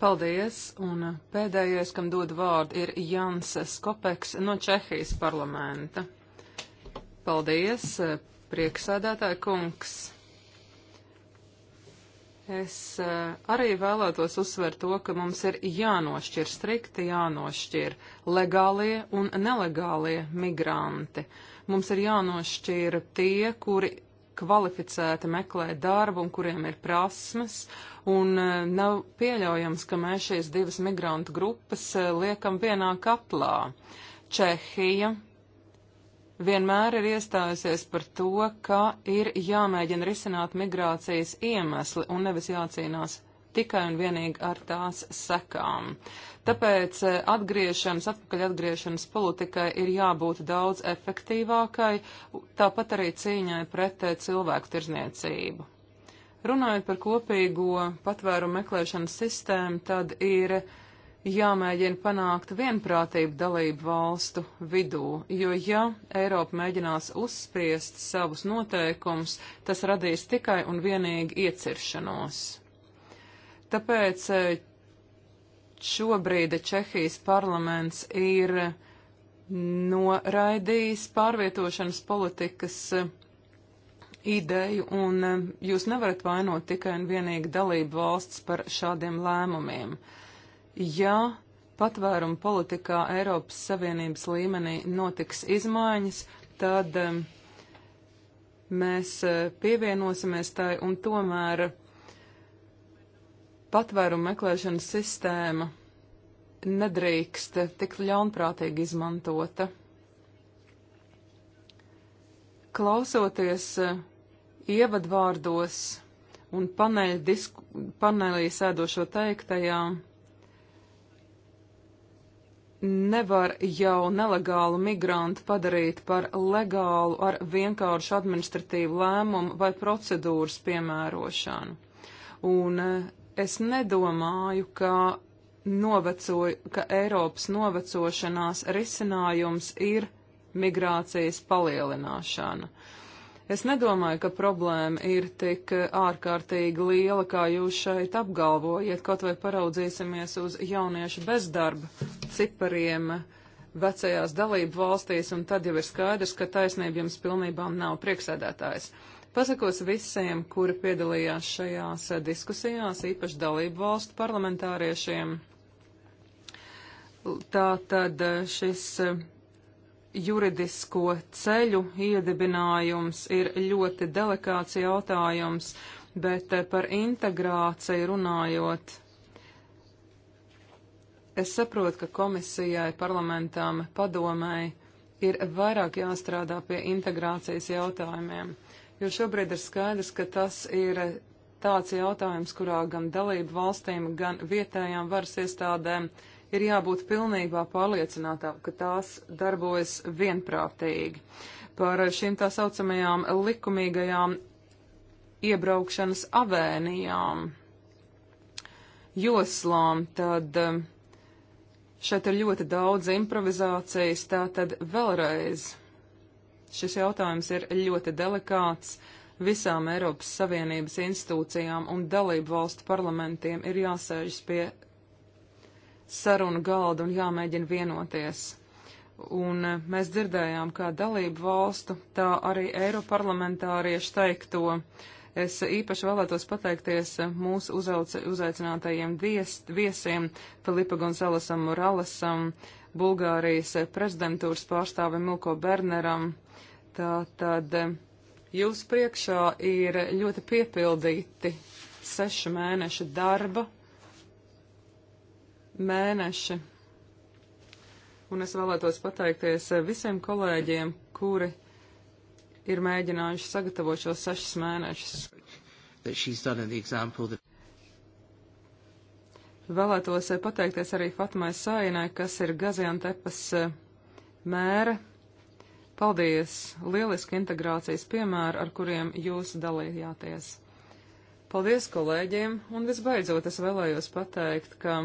C: Paldies, un pēdējais, kam dod vārdu, ir Jans Skopeks no Čehijas parlamenta. Paldies, prieksēdētāja kungs. Es eh, arī vēlētos uzsvērt to, ka mums ir jānošķir, strikti jānošķir legālie un nelegālie migranti. Mums ir jānošķir tie, kuri kvalificēti meklē darbu un kuriem ir prasmes, un eh, nav pieļaujams, ka mēs šīs divas migrantu grupas eh, liekam vienā katlā. Čehija, vienmēr ir iestājusies par to, ka ir jāmēģina risināt migrācijas iemesli un nevis jācīnās tikai un vienīgi ar tās sekām. Tāpēc eh, atgriešanas, atpakaļ atgriešanas politikai ir jābūt daudz efektīvākai, tāpat arī cīņai pret eh, cilvēku tirzniecību. Runājot par kopīgo patvērumu meklēšanas sistēmu, tad ir jāmēģina panākt vienprātību dalību valstu vidū, jo ja Eiropa mēģinās uzspiest savus noteikumus, tas radīs tikai un vienīgi ieciršanos. Tāpēc eh, šobrīd Čehijas parlaments ir noraidījis pārvietošanas politikas eh, ideju, un eh, jūs nevarat vainot tikai un vienīgi dalību valsts par šādiem lēmumiem. Uh, ja patvērumu politikā Eiropas Savienības līmenī notiks izmaiņas, tad um, mēs e, pievienosimies tai un tomēr patvērumu meklēšanas sistēma nedrīkst tik ļaunprātīgi izmantota. Klausoties e, ievadvārdos un paneļa disku, paneļī sēdošo teiktajām, nevar jau nelegālu migrantu padarīt par legālu ar vienkāršu administratīvu lēmumu vai procedūras piemērošanu. Un e, es nedomāju, ka, noveco, ka Eiropas novecošanās risinājums ir migrācijas palielināšana. Uh, Es nedomāju, ka problēma ir tik ārkārtīgi liela, kā jūs šeit apgalvojat, kaut vai paraudzīsimies uz jauniešu bezdarba cipariem vecajās dalību valstīs, un tad jau ir skaidrs, ka taisnība jums pilnībā nav prieksēdētājs. Pasakos visiem, kuri piedalījās šajās diskusijās, īpaši dalību valstu parlamentāriešiem. Tā tad šis juridisko ceļu iedibinājums ir ļoti delikāts jautājums, bet eh, par integrāciju runājot, es saprotu, ka komisijai, parlamentām, padomai ir vairāk jāstrādā pie integrācijas jautājumiem, jo šobrīd ir skaidrs, ka tas ir tāds jautājums, kurā gan dalību valstīm, gan vietējām varas iestādēm ir jābūt pilnībā pārliecinātām, ka tās darbojas vienprātīgi. Par šīm tā saucamajām likumīgajām iebraukšanas avēnijām, joslām, tad um, šeit ir ļoti daudz improvizācijas, tā tad vēlreiz šis jautājums ir ļoti delikāts visām Eiropas Savienības institūcijām un dalību valstu parlamentiem ir jāsēžas pie sarunu galdu un jāmēģina vienoties. Un eh, mēs dzirdējām, kā dalību valstu, tā arī Eiroparlamentāriešu teikto. Es īpaši vēlētos pateikties eh, mūsu uzaicinātajiem viest, viesiem Filipa Gonzalesam Moralesam, Bulgārijas eh, prezidentūras pārstāvim Milko Berneram. Tā tad jūsu priekšā ir ļoti piepildīti sešu mēnešu darba mēneši. Un es vēlētos pateikties visiem kolēģiem, kuri ir mēģinājuši sagatavot šos sešus mēnešus.
A: That...
C: Vēlētos pateikties arī Fatmai Sainai, kas ir Gaziantepas eh, mēra. Paldies! Lieliski integrācijas piemēri, ar kuriem jūs dalījāties. Paldies kolēģiem! Un visbeidzot es vēlējos pateikt, ka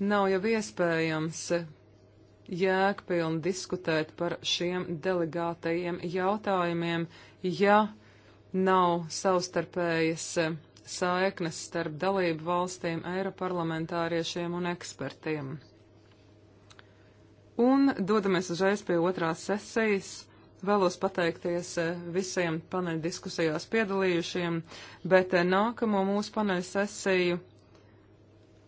C: Nav jau iespējams jēgpilni diskutēt par šiem delegātajiem jautājumiem, ja nav savstarpējas eh, saiknes starp dalību valstīm, eiroparlamentāriešiem un ekspertiem. Un dodamies uzreiz pie otrās sesijas. Vēlos pateikties eh, visiem paneļdiskusijās piedalījušiem, bet eh, nākamo mūsu paneļ sesiju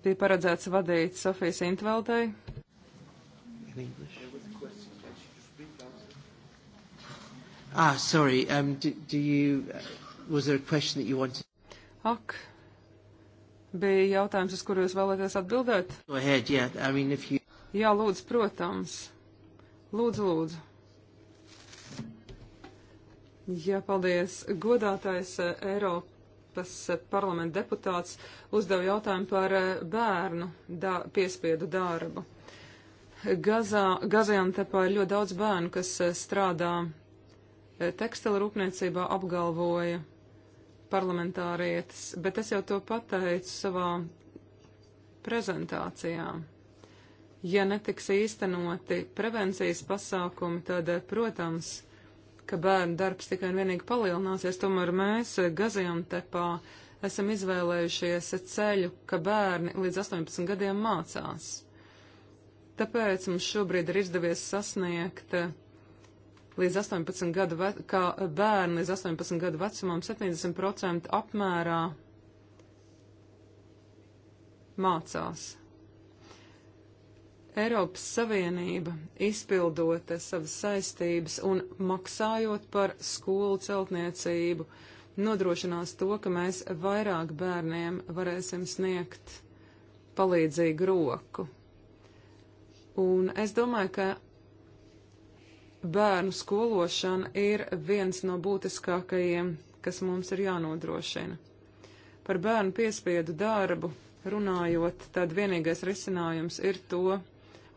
C: bija paredzēts vadīt Sofijas Intveldei. Ah, sorry, um, do, do you, uh, was there a question that you wanted? Ak, bija jautājums, uz kuru jūs vēlaties atbildēt? Go ahead, yeah, I mean, if you... Jā, lūdzu, protams. Lūdzu, lūdzu. Jā, paldies. Godātais uh, Eiropa Eiropas eh, parlamenta deputāts uzdeva jautājumu par eh, bērnu da piespiedu darbu. Gazā, Gazajantepā ir ļoti daudz bērnu, kas eh, strādā tekstila rūpniecībā, apgalvoja parlamentārietis, bet es jau to pateicu savā prezentācijā. Ja netiks īstenoti prevencijas pasākumi, tad, protams, ka bērnu darbs tikai un vienīgi palielināsies, tomēr mēs eh, Gaziantepā esam izvēlējušies ceļu, ka bērni līdz 18 gadiem mācās. Tāpēc mums šobrīd ir izdevies sasniegt eh, līdz 18 gadu, ve... kā eh, bērni līdz 18 gadu vecumam 70% apmērā mācās. Eiropas Savienība, izpildot savas saistības un maksājot par skolu celtniecību, nodrošinās to, ka mēs vairāk bērniem varēsim sniegt palīdzīgu roku. Un es domāju, ka bērnu skološana ir viens no būtiskākajiem, kas mums ir jānodrošina. Par bērnu piespiedu darbu runājot, tad vienīgais risinājums ir to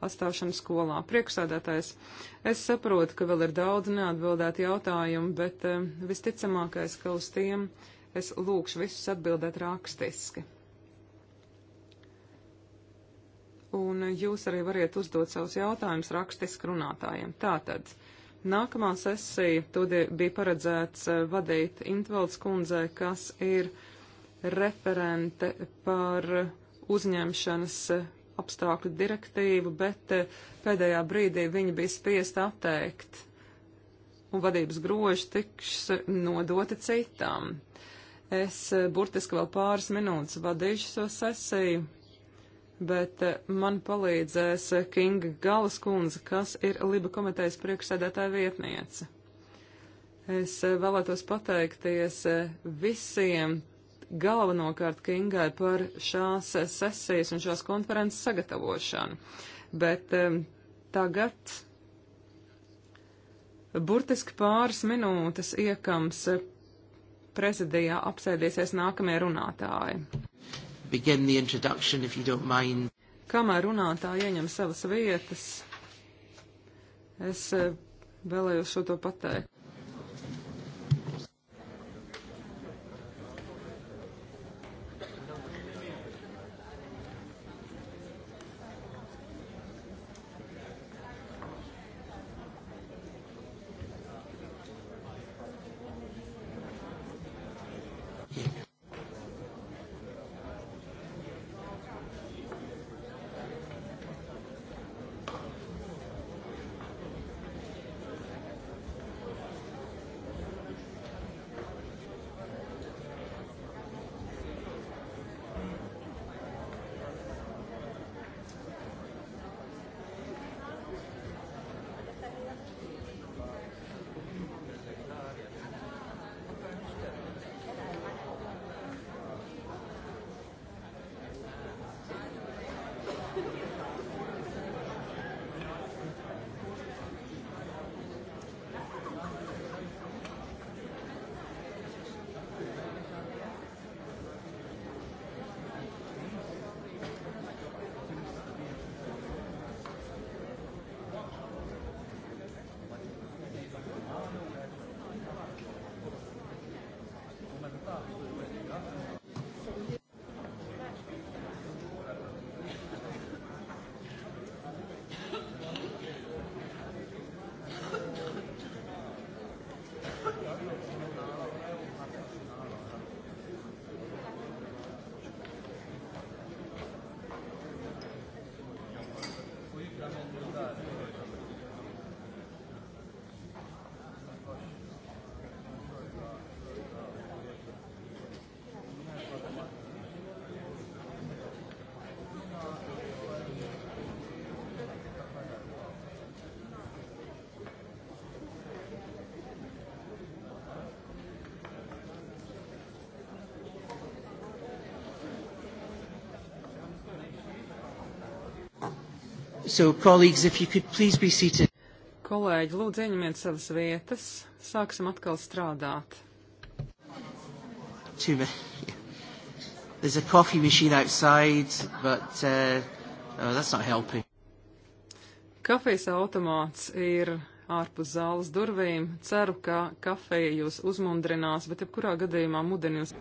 C: atstāšanu skolā. Priekšsādātājs, es saprotu, ka vēl ir daudz neatbildētu jautājumu, bet e, visticamākais, ka uz tiem es lūkšu visus atbildēt rakstiski. Un jūs arī variet uzdot savus jautājumus rakstiski runātājiem. Tātad, nākamā sesija, to bija paredzēts eh, vadīt Intvalds kundzē, kas ir referente par uzņemšanas eh, apstākļu direktīvu, bet eh, pēdējā brīdī viņi bija spiest atteikt, un vadības groži tiks nodoti citām. Es eh, burtiski vēl pāris minūtes vadīšu šo sesiju, bet eh, man palīdzēs Kinga Galas kundze, kas ir Liba komitejas priekšsēdētāja vietniece. Es vēlētos pateikties visiem galvenokārt Kingai par šās sesijas un šās konferences sagatavošanu. Bet um, tagad burtiski pāris minūtes iekams prezidijā apsēdiesies nākamie runātāji. Kamēr runātāji ieņem savas vietas, es eh, vēlējos šo to pateikt.
A: So, colleagues, if you could please be seated.
C: Kolēģi, lūdzu, ieņemiet savas vietas. Sāksim atkal strādāt.
B: Too There's a coffee machine outside, but uh,
D: oh, that's not helping.
C: Kafijas automāts ir ārpus zāles durvīm. Ceru, ka kafija jūs uzmundrinās, bet jebkurā gadījumā mudinu jūs.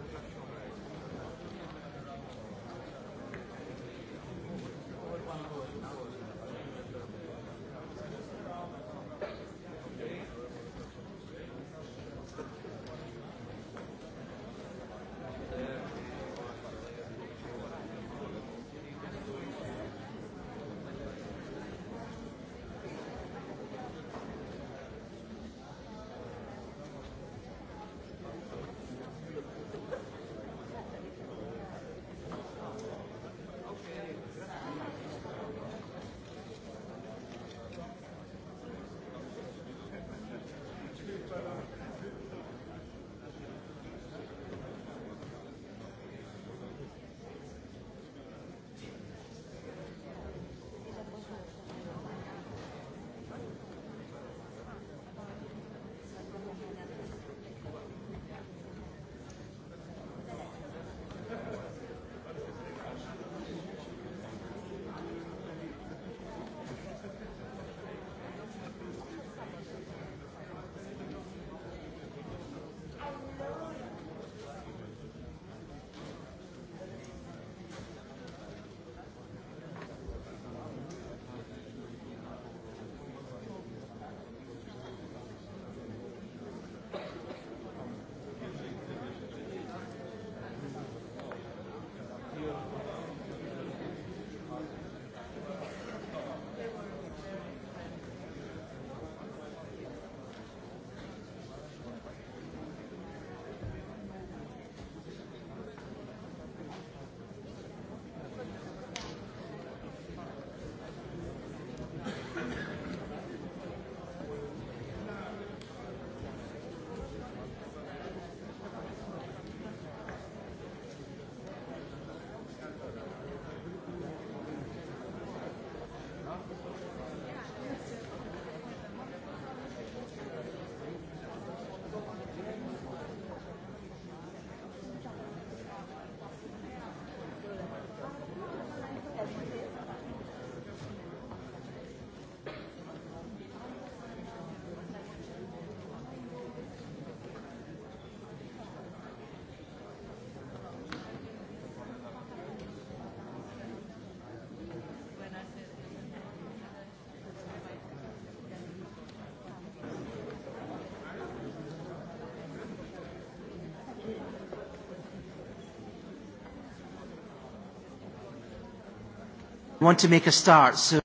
A: Start, so...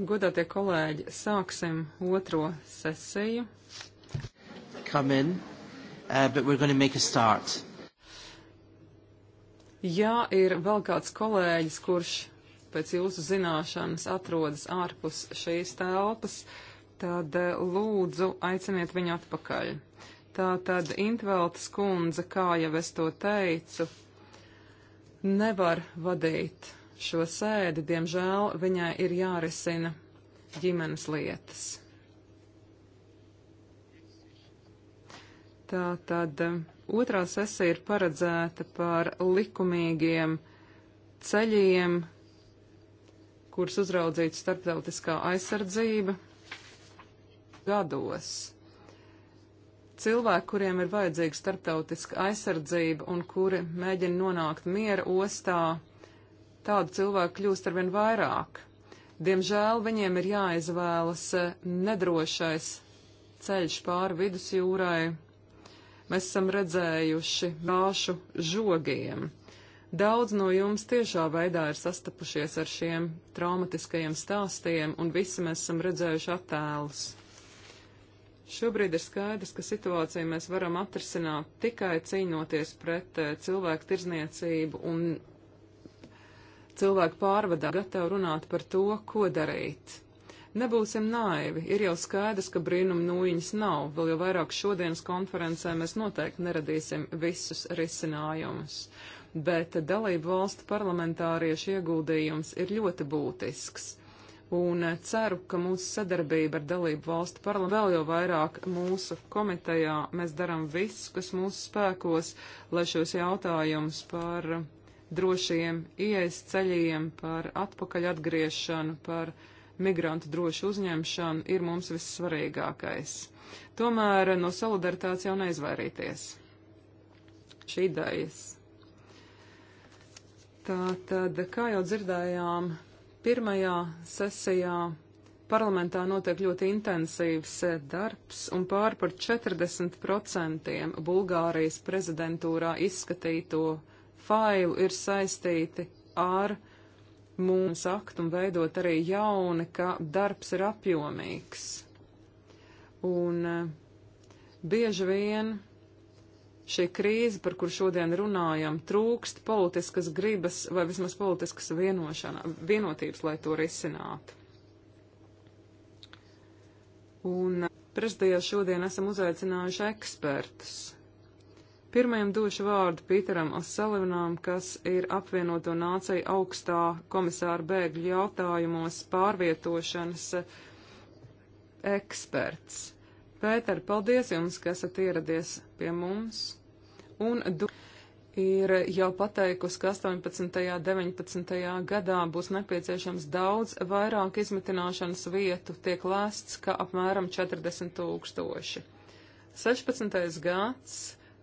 C: Godātie kolēģi, sāksim otro sesiju.
A: Come in, uh, but we're going to make a start.
C: Ja ir vēl kāds kolēģis, kurš pēc jūsu zināšanas atrodas ārpus šīs telpas, tad eh, lūdzu aiciniet viņu atpakaļ. Tā tad Intveltas kundze, kā jau es to teicu, nevar vadīt šo sēdi, diemžēl viņai ir jārisina ģimenes lietas. Tā tad um, otrā sesija ir paredzēta par likumīgiem ceļiem, kurus uzraudzītu starptautiskā aizsardzība gados. Cilvēki, kuriem ir vajadzīga starptautiska aizsardzība un kuri mēģina nonākt miera ostā, Tādu cilvēku kļūst arvien vairāk. Diemžēl viņiem ir jāizvēlas eh, nedrošais ceļš pāri vidusjūrai. Mēs esam redzējuši nāšu žogiem. Daudz no jums tiešā veidā ir sastapušies ar šiem traumatiskajiem stāstiem, un visi mēs esam redzējuši attēlus. Šobrīd ir skaidrs, ka situāciju mēs varam atrisināt tikai cīnoties pret eh, cilvēku tirzniecību un cilvēku pārvadā gatavi runāt par to, ko darīt. Nebūsim naivi, ir jau skaidrs, ka brīnum nūjiņas nav, vēl jau vairāk šodienas konferencē mēs noteikti neradīsim visus risinājumus. Bet dalību valstu parlamentāriešu ieguldījums ir ļoti būtisks. Un ceru, ka mūsu sadarbība ar dalību valstu parlamentu vēl jau vairāk mūsu komitejā mēs darām visu, kas mūsu spēkos, lai šos jautājumus par drošiem ieejas ceļiem, par atpakaļ atgriešanu, par migrantu drošu uzņemšanu ir mums vissvarīgākais. Tomēr no solidaritātes jau neizvairīties. Šī idejas. Tā tad, kā jau dzirdējām, pirmajā sesijā parlamentā notiek ļoti intensīvs darbs, un pār par 40% Bulgārijas prezidentūrā izskatīto failu ir saistīti ar mūsu aktu un veidot arī jauni, ka darbs ir apjomīgs. Un eh, bieži vien šī krīze, par kur šodien runājam, trūkst politiskas gribas vai vismaz politiskas vienotības, lai to risinātu. Un eh, prezidijā šodien esam uzaicinājuši ekspertus Pirmajam došu vārdu Pīteram Asalivinām, kas ir apvienoto nāciju augstā komisāra bēgļu jautājumos pārvietošanas eksperts. Pēter, paldies jums, ka esat ieradies pie mums. Un du ir jau pateikusi, ka 18. un 19. gadā būs nepieciešams daudz vairāk izmitināšanas vietu, tiek lēsts, ka apmēram 40 tūkstoši. 16. gads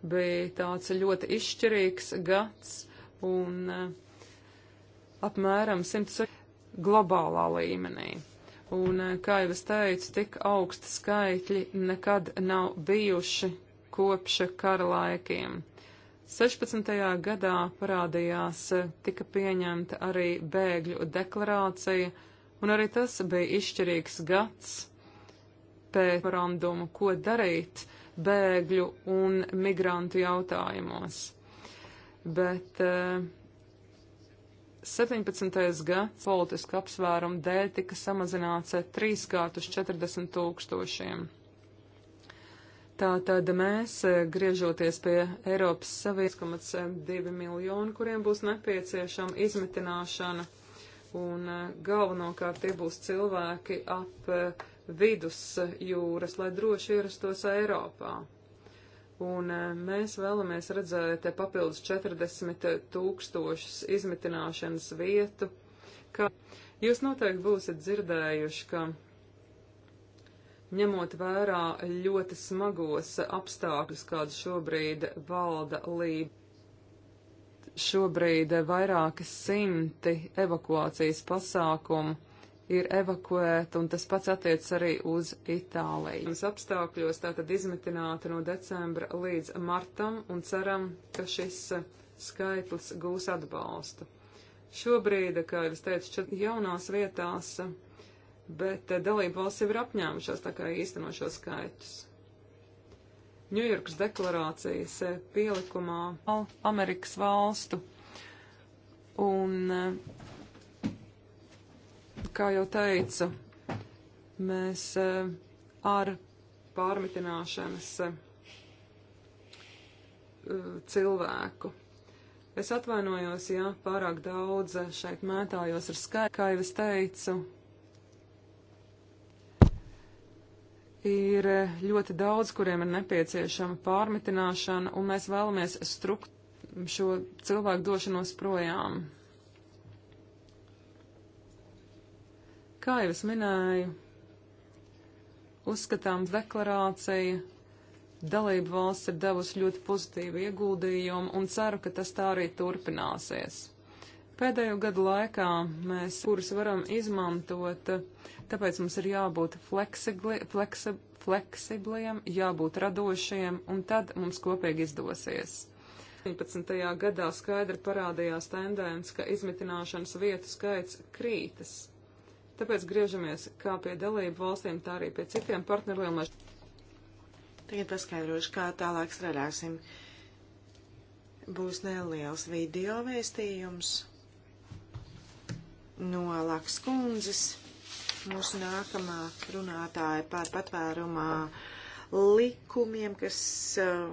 C: bija tāds ļoti izšķirīgs gads un eh, apmēram 100 globālā līmenī. Un, eh, kā jau es teicu, tik augsti skaitļi nekad nav bijuši kopš kara laikiem. 16. gadā parādījās, eh, tika pieņemta arī bēgļu deklarācija, un arī tas bija izšķirīgs gads pēc parandumu, ko darīt, bēgļu un migrantu jautājumos. Bet uh, 17. gads politiska apsvēruma dēļ tika samazināts trīskārt uz 40 tūkstošiem. Tātad mēs, eh, griežoties pie Eiropas Savienības 1,2 eh, miljonu, kuriem būs nepieciešama izmitināšana, un eh, galvenokārt tie būs cilvēki ap vidus jūras, lai droši ierastos Eiropā. Un eh, mēs vēlamies redzēt papildus 40 tūkstošus izmitināšanas vietu, kā jūs noteikti būsiet dzirdējuši, ka ņemot vērā ļoti smagos apstākļus, kāds šobrīd valda līdz. Šobrīd vairāki simti evakuācijas pasākumu ir evakuēta, un tas pats attiec arī uz Itāliju. Mums apstākļos tātad izmitināti no decembra līdz martam, un ceram, ka šis eh, skaitlis gūs atbalstu. Šobrīd, kā jau es teicu, jaunās vietās, bet eh, dalību valsts jau ir apņēmušās tā kā īsteno šo skaitus. Ņujorkas deklarācijas eh, pielikumā Amerikas valstu un kā jau teicu, mēs eh, ar pārmitināšanas eh, cilvēku. Es atvainojos, ja pārāk daudz šeit mētājos ar skaitu, kā jau es teicu. Ir eh, ļoti daudz, kuriem ir nepieciešama pārmitināšana, un mēs vēlamies strukt šo cilvēku došanos projām. Kā jau es minēju, uzskatām deklarācija, dalību valsts ir devusi ļoti pozitīvu ieguldījumu un ceru, ka tas tā arī turpināsies. Pēdējo gadu laikā mēs, kurus varam izmantot, tāpēc mums ir jābūt fleksibli, fleksi, fleksibliem, jābūt radošiem, un tad mums kopīgi izdosies. 17. gadā skaidri parādījās tendence, ka izmitināšanas vietu skaits krītas. Tāpēc griežamies kā pie dalību valstīm, tā arī pie citiem partneriem.
A: Tagad paskaidrošu, kā tālāk strādāsim. Būs neliels video vēstījums no Laks kundzes. Mūsu nākamā runātāja pār patvērumā likumiem, kas uh,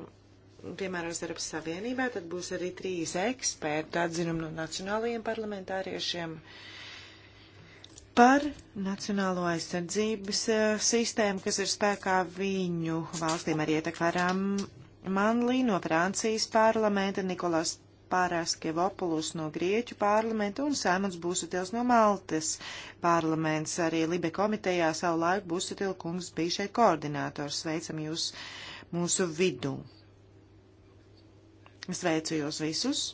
A: piemērots Eiropas Savienībā, tad būs arī trīs eksperti atzinumi no nacionālajiem parlamentāriešiem. Uh, par Nacionālo aizsardzības eh, sistēmu, kas ir spēkā viņu valstīm arī ietekvarām Manlī no Francijas parlamenta, Nikolas Pārāskevopulus no Grieķu parlamenta un Sēmons Būsutils no Maltas parlaments. Arī Libe komitejā savu laiku Būsutil kungs bija šeit koordinātors. Sveicam jūs mūsu vidū. Sveicu jūs visus!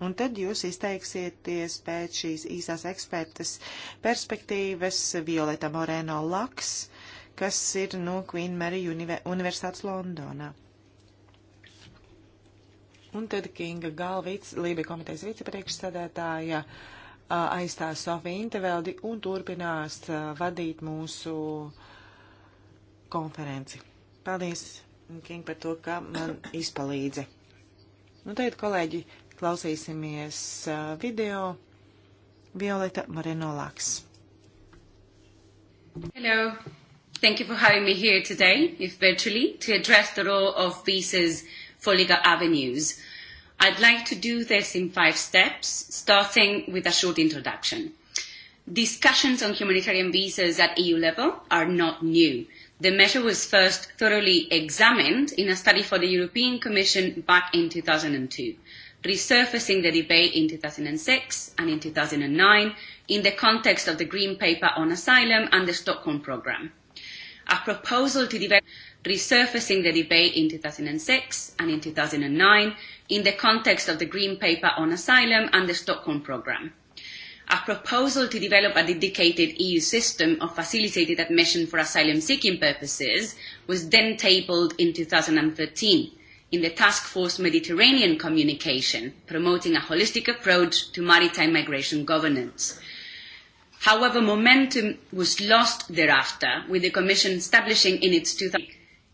A: Un tad jūs izteiksieties pēc šīs īsās ekspertas perspektīvas Violeta Moreno Laks, kas ir no Queen Mary Universitātes Londonā. Un tad Kinga Galvits, Lībija komitejas vicepriekšsēdētāja, aizstās Sofiju Inteveldi un turpinās vadīt mūsu konferenci. Paldies, Kinga, par to, ka man izpalīdzi. Nu, tagad, kolēģi, Klausīsimies video Violeta Moreno Laks.
D: Hello. Thank you for having me here today, if virtually, to address the role of visas for legal avenues. I'd like to do this in five steps, starting with a short introduction. Discussions on humanitarian visas at EU level are not new. The measure was first thoroughly examined in a study for the European Commission back in 2002 resurfacing the debate in 2006 and in 2009 in the context of the Green Paper on Asylum and the Stockholm Programme. A proposal to develop resurfacing the debate in 2006 and in 2009 in the context of the Green Paper on Asylum and the Stockholm Programme. A proposal to develop a dedicated EU system of facilitated admission for asylum seeking purposes was then tabled in 2013 in the Task Force Mediterranean communication promoting a holistic approach to maritime migration governance. However, momentum was lost thereafter with the Commission establishing in its 2000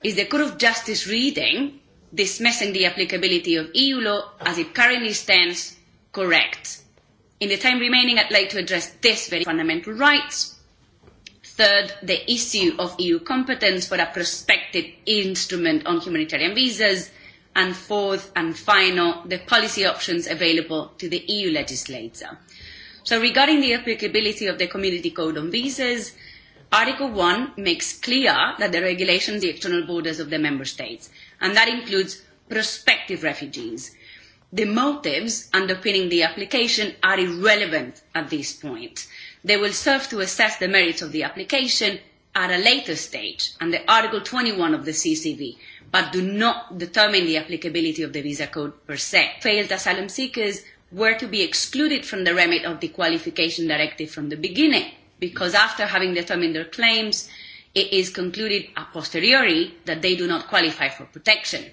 D: is the Court of Justice reading dismissing the applicability of EU law as it currently stands correct. In the time remaining, I'd like to address this very fundamental rights. Third, the issue of EU competence for a prospective instrument on humanitarian visas And fourth and final, the policy options available to the EU legislator. So regarding the applicability of the Community Code on Visas, Article 1 makes clear that the regulation the external borders of the member states, and that includes prospective refugees. The motives underpinning the application are irrelevant at this point. They will serve to assess the merits of the application at a later stage under Article 21 of the CCV, but do not determine the applicability of the visa code per se. Failed asylum seekers were to be excluded from the remit of the qualification directive from the beginning, because after having determined their claims, it is concluded a posteriori that they do not qualify for protection.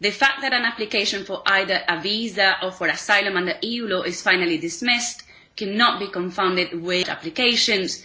D: The fact that an application for either a visa or for asylum under EU law is finally dismissed cannot be confounded with applications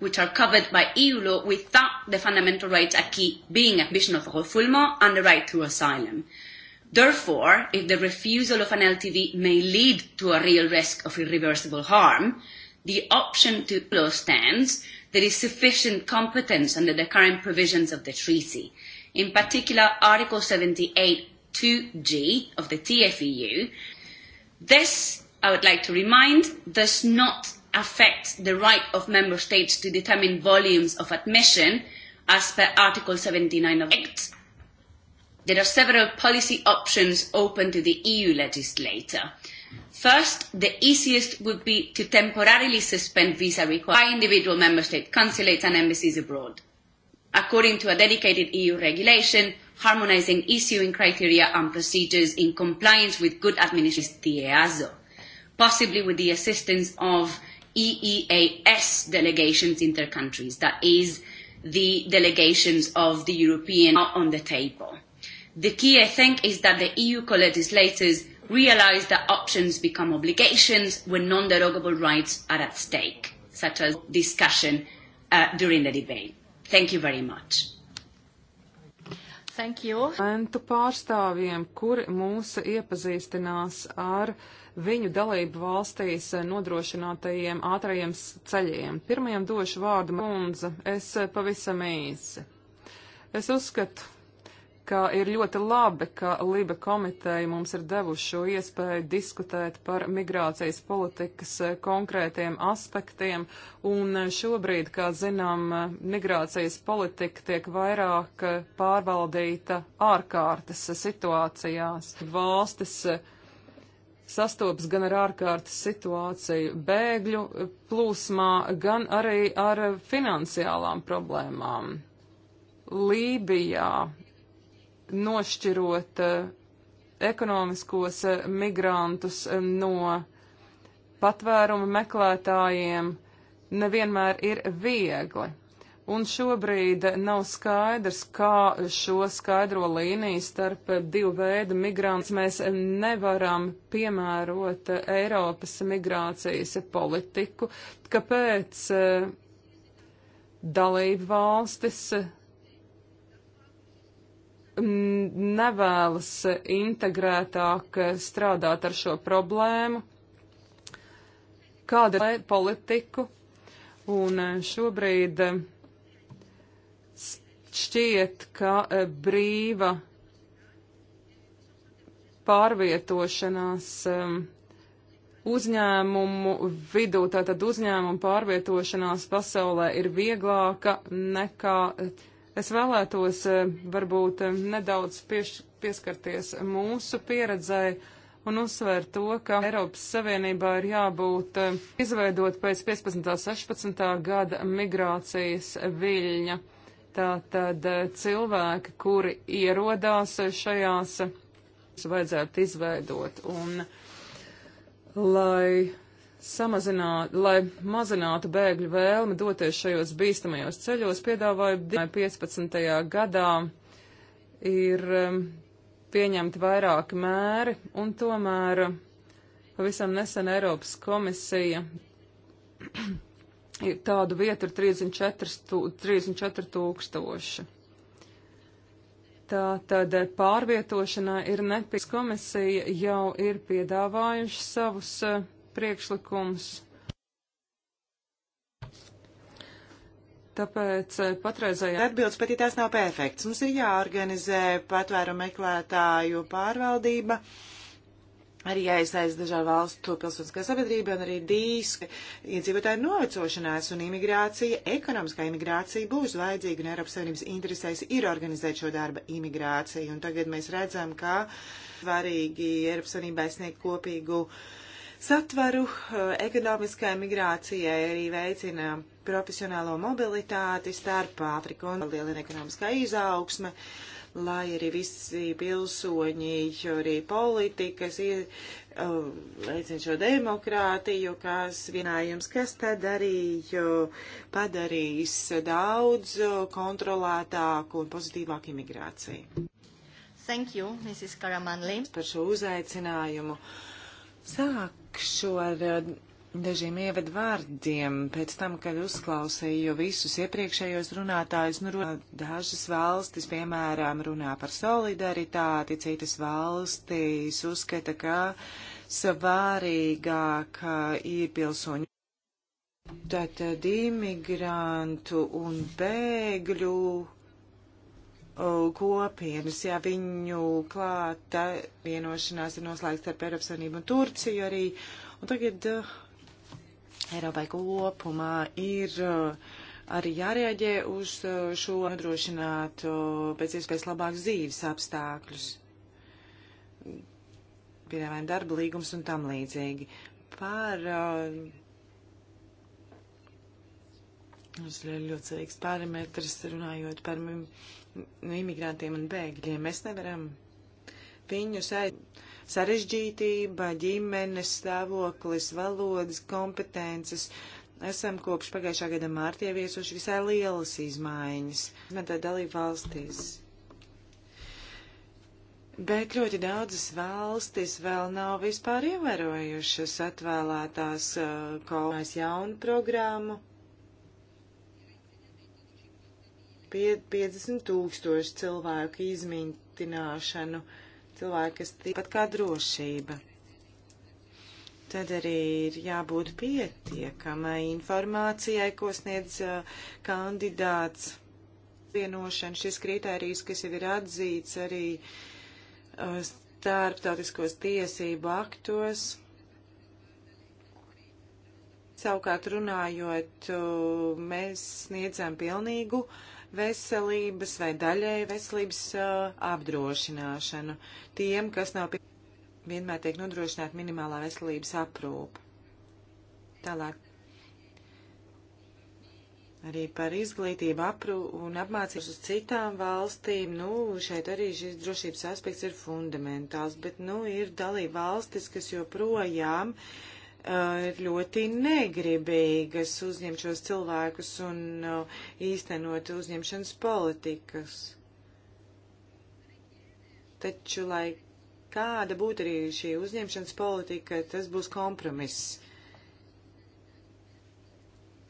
D: which are covered by EU law without the fundamental rights acquis being a condition of refoulement and the right to asylum. Therefore, if the refusal of an LTV may lead to a real risk of irreversible harm, the option to e law stands there is sufficient competence under the current provisions of the treaty. In particular, Article 78 2G of the TFEU. This, I would like to remind, does not affects the right of member states to determine volumes of admission as per Article 79 of the Act, there are several policy options open to the EU legislator. First, the easiest would be to temporarily suspend visa requirements by individual member state consulates and embassies abroad, according to a dedicated EU regulation harmonising issuing criteria and procedures in compliance with good administration, the EASO, possibly with the assistance of EEAS delegations inter countries, that is the delegations of the European on the table. The key, I think, is that the EU co-legislators realise that options become obligations when non-derogable rights are at stake, such as discussion uh, during the debate. Thank you very much.
C: Thank you. Parlamentu pārstāvjiem, kuri mūs iepazīstinās ar uh, viņu dalību valstīs nodrošinātajiem ātrajiem ceļiem. Pirmajam došu vārdu Mundze, es eh, pavisam īsi. Es uzskatu, ka ir ļoti labi, ka Liba komiteja mums ir devuši šo iespēju diskutēt par migrācijas politikas eh, konkrētiem aspektiem, un eh, šobrīd, kā zinām, migrācijas politika tiek vairāk pārvaldīta ārkārtas situācijās. Valstis sastopas gan ar ārkārtas situāciju bēgļu eh, plūsmā, gan arī ar eh, finansiālām problēmām. Lībijā nošķirot eh, ekonomiskos migrantus no patvēruma meklētājiem nevienmēr ir viegli un šobrīd nav skaidrs, kā šo skaidro līniju starp divu veidu migrants mēs nevaram piemērot Eiropas migrācijas politiku. Kāpēc eh, dalību valstis mm, nevēlas integrētāk strādāt ar šo problēmu? Kāda ir politiku? Un eh, šobrīd šķiet, ka e, brīva pārvietošanās um, uzņēmumu vidū, tātad uzņēmumu pārvietošanās pasaulē ir vieglāka nekā. E, es vēlētos varbūt nedaudz pieš, pieskarties mūsu pieredzēji un uzsvērt to, ka Eiropas Savienībā ir jābūt izveidot pēc 15. 16. gada migrācijas viļņa. Tātad eh, cilvēki, kuri ierodās šajās, vajadzētu izveidot. Un, lai samazināt, lai mazinātu bēgļu vēlmi doties šajos bīstamajos ceļos, piedāvāju 15. gadā ir pieņemti vairāki mēri, un tomēr pavisam nesen Eiropas komisija Tādu vietu ir 34, 34 tūkstoši. Tātad pārvietošanai ir nepīs komisija jau ir piedāvājuši savus uh, priekšlikumus.
A: Tāpēc uh, patreizējā atbildes pat, ja tās nav perfekts, mums ir jāorganizē patvēru meklētāju pārvaldība. Uh, arī jāiesaist dažādu valstu pilsoniskā sabiedrība un arī dīska iedzīvotāju novecošanās un imigrācija, ekonomiskā imigrācija būs vajadzīga un Eiropas Savienības interesēs ir organizēt šo darba imigrāciju. Un tagad mēs redzam, ka svarīgi Eiropas Savienībai sniegt kopīgu satvaru eh, ekonomiskajai migrācijai arī veicina profesionālo mobilitāti starp Āfriku un lielina ekonomiskā izaugsme. Uh, lai arī visi pilsoņi, arī politikas, veicina um, šo demokrātiju, kas vienājums, kas tad arī padarīs daudz kontrolētāku un pozitīvāku imigrāciju. Thank you, Mrs. Karamanli. Par šo uzaicinājumu sākšu ar dažiem ievadu vārdiem pēc tam, kad uzklausīju visus iepriekšējos runātājus. Nu, dažas valstis, piemēram, runā par solidaritāti, citas valstīs uzskata, ka savārīgāk ir pilsoņu. Tātad imigrantu un bēgļu kopienas, ja viņu klāta vienošanās ir noslēgta ar Eiropas Savienību un Turciju arī. Un tagad uh, Eiropai kopumā ir uh, arī jārēģē uz uh, šo nodrošināt uh, pēc iespējas labākus dzīves apstākļus, piemēram, darba līgums un tam līdzīgi. Par Tas ir ļoti svarīgs parametrs, runājot par imigrantiem un bēgļiem. Mēs nevaram viņus aiz sarežģītība, ģimenes stāvoklis, valodas kompetences. Esam kopš pagājušā gada mārta ieviesuši visai lielas izmaiņas. Man tā dalība valstīs. Bet ļoti daudzas valstis vēl nav vispār ievērojušas atvēlētās uh, kolonijas jaunu programmu. Pie, 50 tūkstoši cilvēku izmintināšanu. Uh, cilvēki, kas tāpat kā drošība. Tad arī ir jābūt pietiekamai informācijai, ko sniedz uh, kandidāts. Vienošana šis kritērijs, kas jau ir atzīts arī uh, starptautiskos tiesību aktos. Savukārt runājot, uh, mēs sniedzam pilnīgu uh, veselības vai daļēju veselības uh, apdrošināšanu tiem, kas nav pie... vienmēr tiek nodrošināta minimālā veselības aprūpa. Tālāk arī par izglītību apru un apmācības uz citām valstīm, nu, šeit arī šis drošības aspekts ir fundamentāls, bet, nu, ir dalība valstis, kas joprojām uh, Uh, ir ļoti negribīgas uzņemt šos cilvēkus un uh, īstenot uzņemšanas politikas. Taču, lai kāda būtu arī šī uzņemšanas politika, tas būs kompromiss